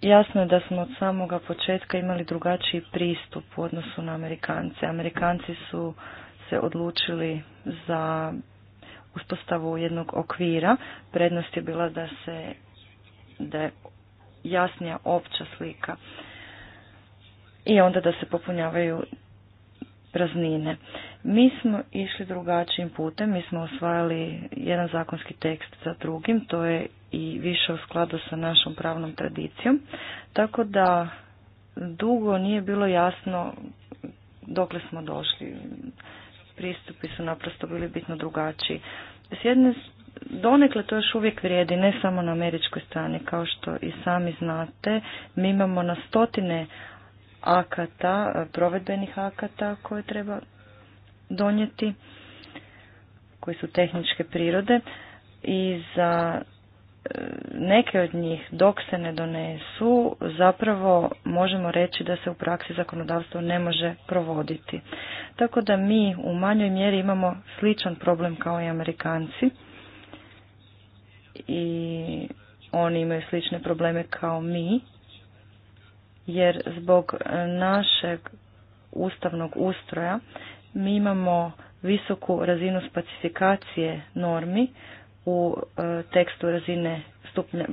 Jasno je da smo od samoga početka imali drugačiji pristup u odnosu na Amerikance. Amerikanci su se odlučili za uspostavu jednog okvira. Prednost je bila da se da je jasnija opća slika i onda da se popunjavaju praznine. Mi smo išli drugačijim putem, mi smo osvajali jedan zakonski tekst za drugim, to je i više u skladu sa našom pravnom tradicijom, tako da dugo nije bilo jasno dokle smo došli. Pristupi su naprosto bili bitno drugačiji. S jedne donekle to još uvijek vrijedi, ne samo na američkoj strani, kao što i sami znate, mi imamo na stotine akata, provedbenih akata koje treba donijeti koji su tehničke prirode i za e, neke od njih dok se ne donesu zapravo možemo reći da se u praksi zakonodavstvo ne može provoditi. Tako da mi u manjoj mjeri imamo sličan problem kao i Amerikanci i oni imaju slične probleme kao mi jer zbog našeg ustavnog ustroja mi imamo visoku razinu specifikacije normi u e, tekstu razine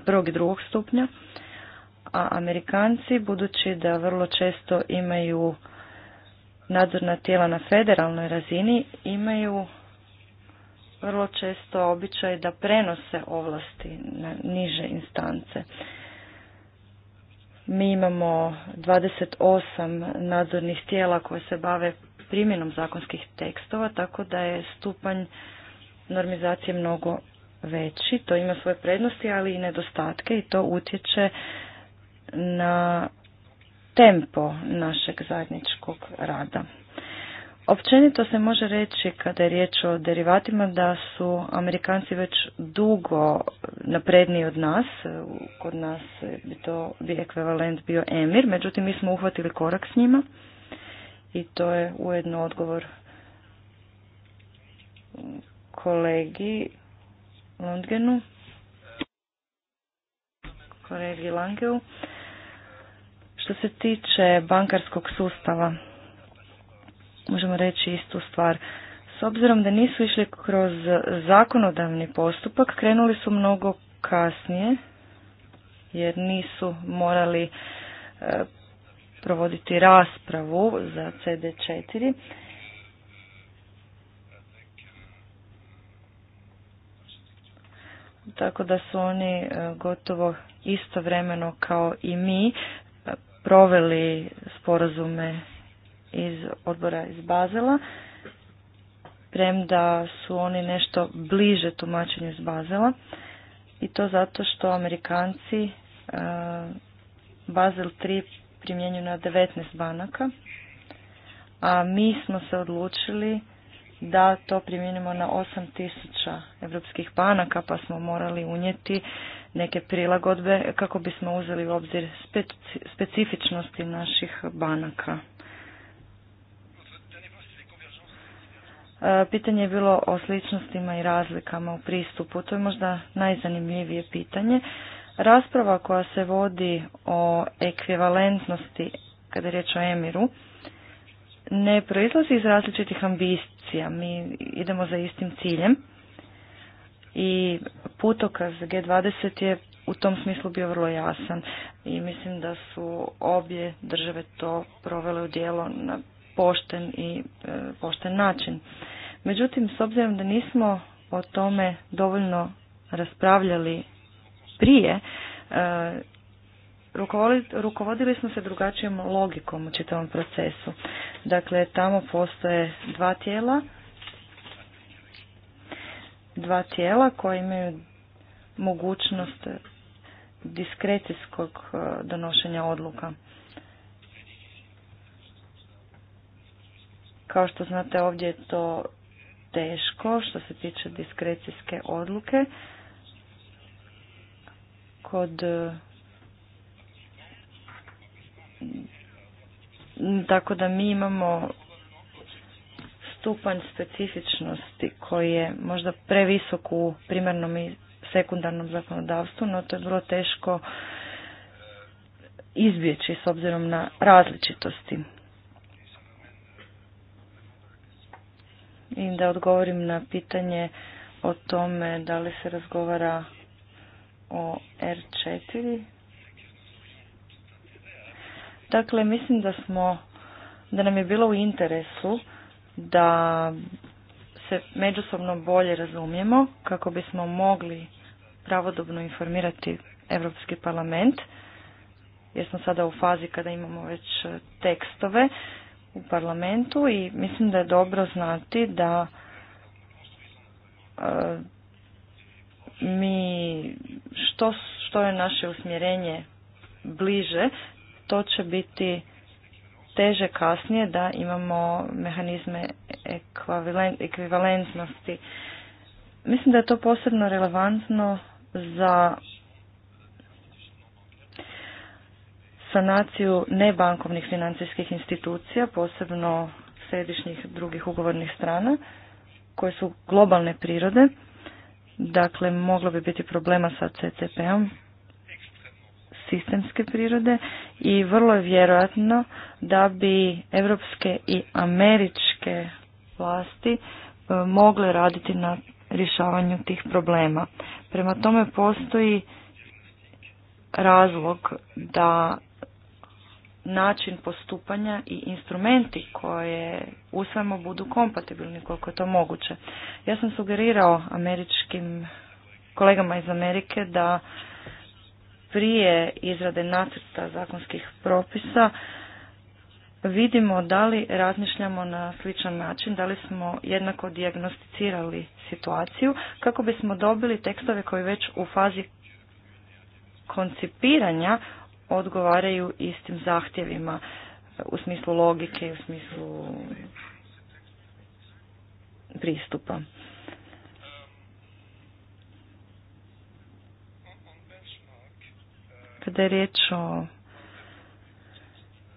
prvog i drugog stupnja, a Amerikanci, budući da vrlo često imaju nadzorna tijela na federalnoj razini, imaju vrlo često običaj da prenose ovlasti na niže instance. Mi imamo 28 nadzornih tijela koje se bave primjenom zakonskih tekstova, tako da je stupanj normizacije mnogo veći. To ima svoje prednosti, ali i nedostatke i to utječe na tempo našeg zajedničkog rada. Općenito se može reći kada je riječ o derivatima da su Amerikanci već dugo napredniji od nas, kod nas bi to bi ekvivalent bio Emir, međutim mi smo uhvatili korak s njima i to je ujedno odgovor kolegi Lundgenu, kolegi Langeu. Što se tiče bankarskog sustava, možemo reći istu stvar. S obzirom da nisu išli kroz zakonodavni postupak, krenuli su mnogo kasnije, jer nisu morali e, provoditi raspravu za CD4. Tako da su oni e, gotovo istovremeno kao i mi e, proveli sporazume iz odbora iz Bazela, premda su oni nešto bliže tumačenju iz Bazela i to zato što Amerikanci e, Bazel 3 primjenjuju na 19 banaka, a mi smo se odlučili da to primijenimo na 8000 europskih banaka, pa smo morali unijeti neke prilagodbe kako bismo uzeli u obzir specifičnosti naših banaka. E, pitanje je bilo o sličnostima i razlikama u pristupu. To je možda najzanimljivije pitanje. Rasprava koja se vodi o ekvivalentnosti, kada je riječ o Emiru, ne proizlazi iz različitih ambicija. Mi idemo za istim ciljem i putokaz G20 je u tom smislu bio vrlo jasan i mislim da su obje države to provele u dijelo na pošten i e, pošten način. Međutim, s obzirom da nismo o tome dovoljno raspravljali prije, e, rukovodili smo se drugačijom logikom u čitavom procesu. Dakle, tamo postoje dva tijela, dva tijela koje imaju mogućnost diskrecijskog e, donošenja odluka. Kao što znate ovdje je to teško što se tiče diskrecijske odluke kod e, tako da mi imamo stupanj specifičnosti koji je možda previsok u primarnom i sekundarnom zakonodavstvu, no to je vrlo teško izbjeći s obzirom na različitosti. I da odgovorim na pitanje o tome da li se razgovara o R4. Dakle, mislim da smo, da nam je bilo u interesu da se međusobno bolje razumijemo kako bismo mogli pravodobno informirati Europski parlament jer smo sada u fazi kada imamo već tekstove u parlamentu i mislim da je dobro znati da e, mi, što, što je naše usmjerenje bliže, to će biti teže kasnije da imamo mehanizme ekvivalentnosti. Mislim da je to posebno relevantno za sanaciju nebankovnih financijskih institucija, posebno središnjih drugih ugovornih strana, koje su globalne prirode. Dakle, moglo bi biti problema sa CCP-om sistemske prirode i vrlo je vjerojatno da bi evropske i američke vlasti e, mogle raditi na rješavanju tih problema. Prema tome postoji razlog da način postupanja i instrumenti koje usvajamo budu kompatibilni koliko je to moguće. Ja sam sugerirao američkim kolegama iz Amerike da prije izrade nacrta zakonskih propisa vidimo da li razmišljamo na sličan način, da li smo jednako dijagnosticirali situaciju kako bismo dobili tekstove koji već u fazi koncipiranja odgovaraju istim zahtjevima e, u smislu logike i u smislu pristupa. Kada je riječ o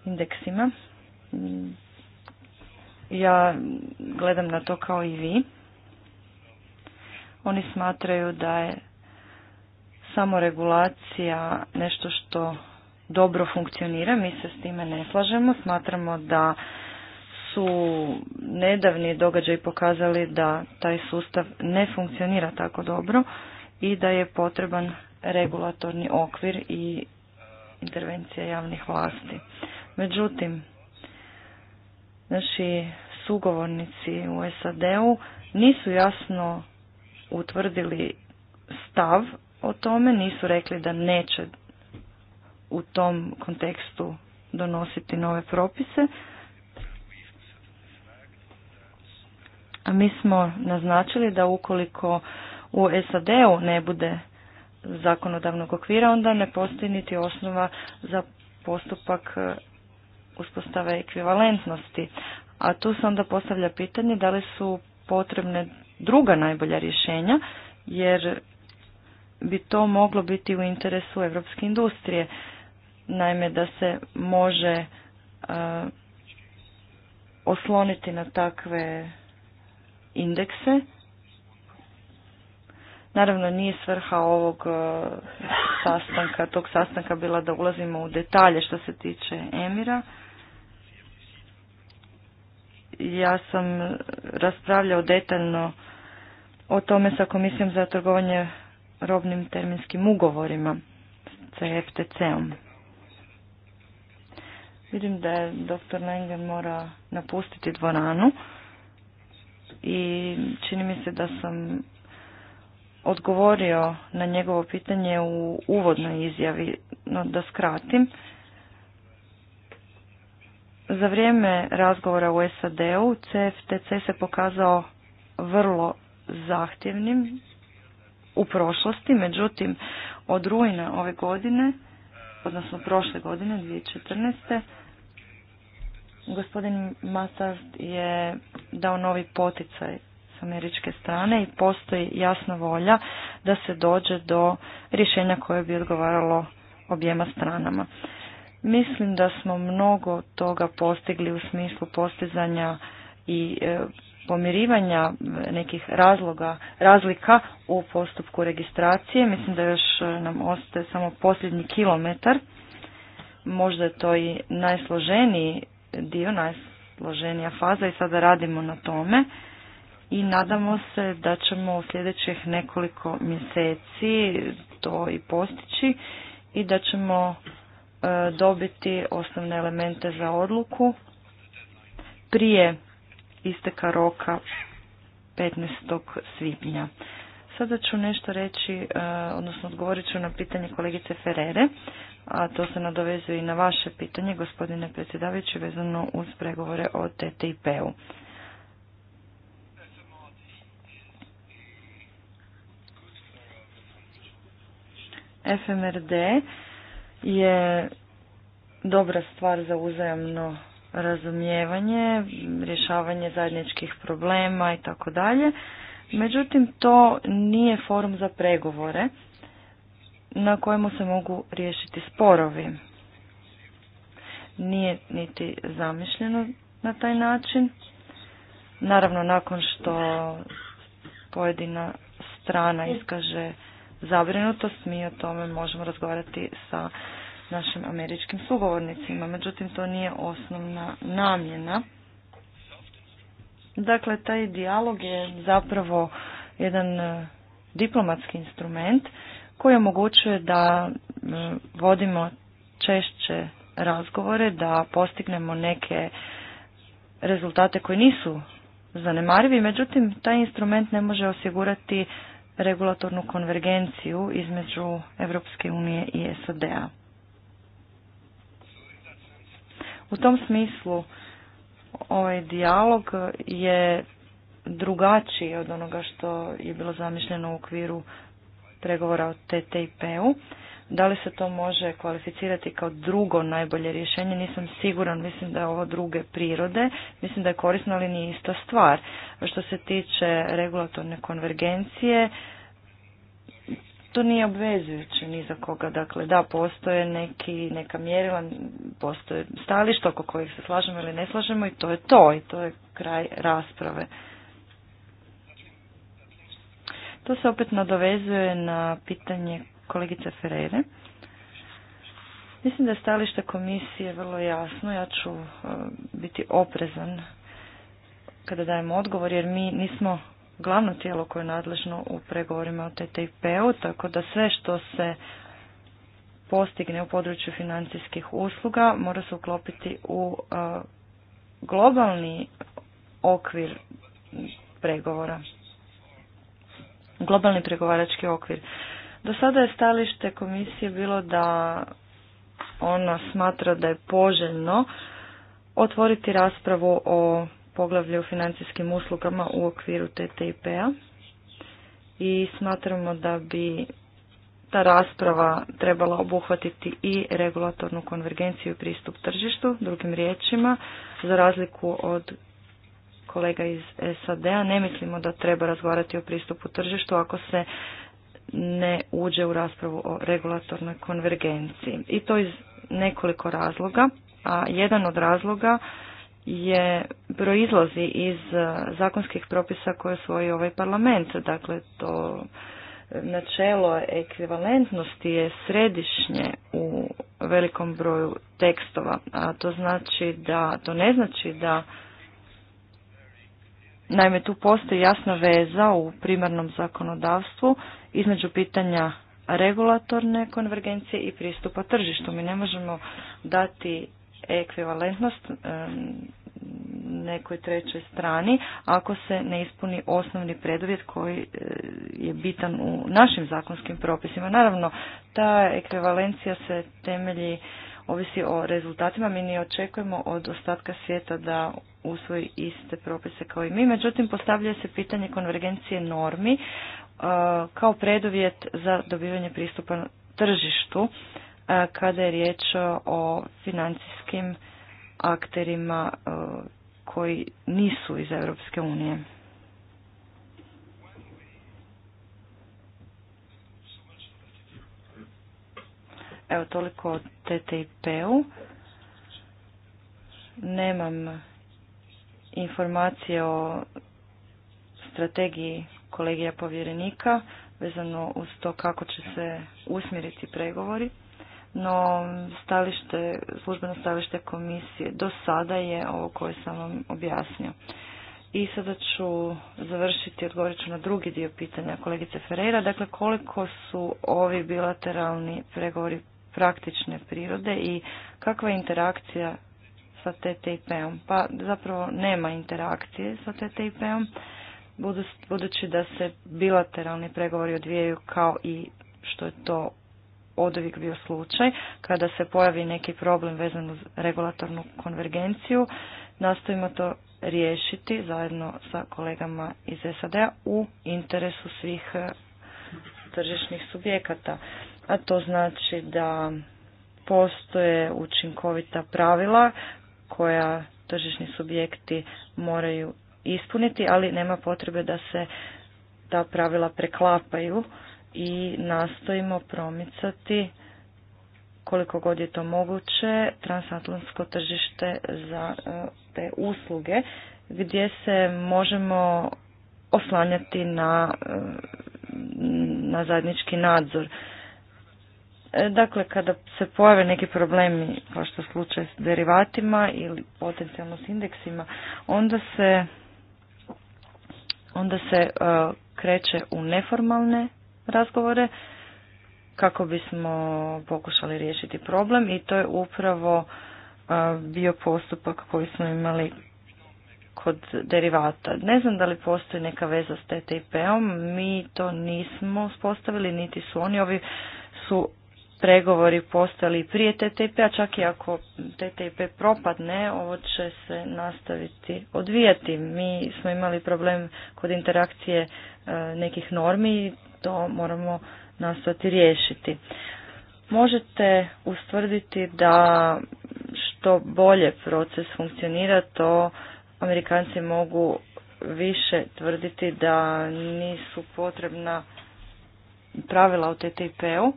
indeksima, mm, ja gledam na to kao i vi. Oni smatraju da je samoregulacija nešto što dobro funkcionira, mi se s time ne slažemo, smatramo da su nedavni događaji pokazali da taj sustav ne funkcionira tako dobro i da je potreban regulatorni okvir i intervencija javnih vlasti. Međutim, naši sugovornici u SAD-u nisu jasno utvrdili stav o tome, nisu rekli da neće u tom kontekstu donositi nove propise. A mi smo naznačili da ukoliko u SAD-u ne bude zakonodavnog okvira, onda ne postoji niti osnova za postupak e, uspostave ekvivalentnosti. A tu se onda postavlja pitanje da li su potrebne druga najbolja rješenja, jer bi to moglo biti u interesu evropske industrije naime da se može e, osloniti na takve indekse. Naravno nije svrha ovog e, sastanka, tog sastanka bila da ulazimo u detalje što se tiče Emira. Ja sam raspravljao detaljno o tome sa Komisijom za trgovanje robnim terminskim ugovorima, CFTC-om. Vidim da je doktor Lengen mora napustiti dvoranu i čini mi se da sam odgovorio na njegovo pitanje u uvodnoj izjavi, no da skratim. Za vrijeme razgovora u SAD-u CFTC se pokazao vrlo zahtjevnim u prošlosti, međutim od rujna ove godine, odnosno prošle godine 2014. Gospodin Massard je dao novi poticaj s američke strane i postoji jasna volja da se dođe do rješenja koje bi odgovaralo objema stranama. Mislim da smo mnogo toga postigli u smislu postizanja i e, pomirivanja nekih razloga, razlika u postupku registracije. Mislim da još e, nam ostaje samo posljednji kilometar. Možda je to i najsloženiji dio, najsloženija faza i sada radimo na tome i nadamo se da ćemo u sljedećih nekoliko mjeseci to i postići i da ćemo e, dobiti osnovne elemente za odluku prije isteka roka 15. svibnja. Sada ću nešto reći, e, odnosno odgovorit ću na pitanje kolegice Ferere, a to se nadovezuje i na vaše pitanje, gospodine predsjedavajući, vezano uz pregovore o TTIP-u. FMRD je dobra stvar za uzajamno razumijevanje, rješavanje zajedničkih problema i tako dalje. Međutim, to nije forum za pregovore na kojemu se mogu riješiti sporovi. Nije niti zamišljeno na taj način. Naravno, nakon što pojedina strana iskaže zabrinutost, mi o tome možemo razgovarati sa našim američkim sugovornicima. Međutim, to nije osnovna namjena Dakle, taj dijalog je zapravo jedan e, diplomatski instrument koji omogućuje da e, vodimo češće razgovore, da postignemo neke rezultate koji nisu zanemarivi, međutim taj instrument ne može osigurati regulatornu konvergenciju između Europske unije i SAD-a. U tom smislu ovaj dijalog je drugačiji od onoga što je bilo zamišljeno u okviru pregovora o TTIP-u. Da li se to može kvalificirati kao drugo najbolje rješenje, nisam siguran, mislim da je ovo druge prirode, mislim da je korisno, ali nije ista stvar. Što se tiče regulatorne konvergencije, to nije obvezujuće ni za koga. Dakle, da, postoje neki, neka mjerila, postoje stališta oko kojih se slažemo ili ne slažemo i to je to i to je kraj rasprave. To se opet nadovezuje na pitanje kolegice Ferere. Mislim da je stalište komisije vrlo jasno. Ja ću e, biti oprezan kada dajem odgovor jer mi nismo glavno tijelo koje je nadležno u pregovorima o TTIP-u, tako da sve što se postigne u području financijskih usluga mora se uklopiti u e, globalni okvir pregovora. Globalni pregovarački okvir. Do sada je stalište komisije bilo da ona smatra da je poželjno otvoriti raspravu o poglavlje o financijskim uslugama u okviru TTIP-a i smatramo da bi ta rasprava trebala obuhvatiti i regulatornu konvergenciju i pristup tržištu, drugim riječima, za razliku od kolega iz SAD-a, ne mislimo da treba razgovarati o pristupu tržištu ako se ne uđe u raspravu o regulatornoj konvergenciji. I to iz nekoliko razloga, a jedan od razloga je proizlazi iz e, zakonskih propisa koje svoji ovaj parlament. Dakle, to e, načelo ekvivalentnosti je središnje u velikom broju tekstova, a to znači da, to ne znači da Naime, tu postoji jasna veza u primarnom zakonodavstvu između pitanja regulatorne konvergencije i pristupa tržištu. Mi ne možemo dati ekvivalentnost nekoj trećoj strani ako se ne ispuni osnovni preduvjet koji e, je bitan u našim zakonskim propisima. Naravno, ta ekvivalencija se temelji ovisi o rezultatima. Mi ne očekujemo od ostatka svijeta da usvoji iste propise kao i mi. Međutim, postavlja se pitanje konvergencije normi e, kao preduvjet za dobivanje pristupa tržištu kada je riječ o financijskim akterima koji nisu iz Europske unije. Evo toliko o TTIP-u. Nemam informacije o strategiji kolegija povjerenika vezano uz to kako će se usmjeriti pregovori no stalište, službeno stalište komisije do sada je ovo koje sam vam objasnio. I sada ću završiti, odgovorit ću na drugi dio pitanja kolegice Ferreira. Dakle, koliko su ovi bilateralni pregovori praktične prirode i kakva je interakcija sa TTIP-om? Pa zapravo nema interakcije sa TTIP-om, budući da se bilateralni pregovori odvijaju kao i što je to oduvijek bio slučaj. Kada se pojavi neki problem vezan uz regulatornu konvergenciju, nastojimo to riješiti zajedno sa kolegama iz SAD-a u interesu svih eh, tržišnih subjekata. A to znači da postoje učinkovita pravila koja tržišni subjekti moraju ispuniti, ali nema potrebe da se ta pravila preklapaju i nastojimo promicati koliko god je to moguće transatlantsko tržište za e, te usluge gdje se možemo oslanjati na, e, na zajednički nadzor. E, dakle, kada se pojave neki problemi, kao što slučaj s derivatima ili potencijalno s indeksima, onda se, onda se kreće u neformalne razgovore kako bismo pokušali riješiti problem i to je upravo e, bio postupak koji smo imali kod derivata. Ne znam da li postoji neka veza s TTIP-om, mi to nismo uspostavili niti su oni. Ovi su pregovori postali prije TTIP-a, čak i ako TTIP propadne, ovo će se nastaviti odvijati. Mi smo imali problem kod interakcije e, nekih normi, to moramo nastati riješiti. Možete ustvrditi da što bolje proces funkcionira, to Amerikanci mogu više tvrditi da nisu potrebna pravila u TTIP-u.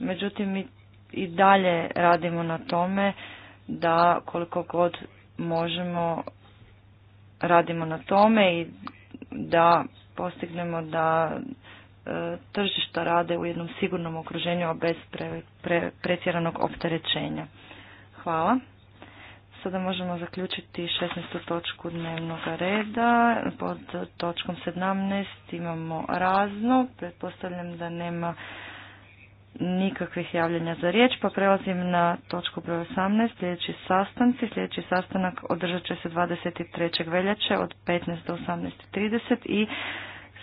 Međutim, mi i dalje radimo na tome da koliko god možemo radimo na tome i da postignemo da E, tržišta rade u jednom sigurnom okruženju, a bez pretjeranog opterećenja. Hvala. Sada možemo zaključiti 16. točku dnevnog reda. Pod točkom 17 imamo razno. Pretpostavljam da nema nikakvih javljanja za riječ, pa prelazim na točku broj 18, sljedeći sastanci. Sljedeći sastanak održat će se 23. veljače od 15 do 18.30 i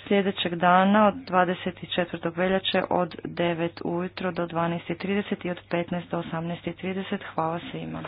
sljedećeg dana od 24. veljače od 9 ujutro do 12.30 i od 15 do 18.30. Hvala svima.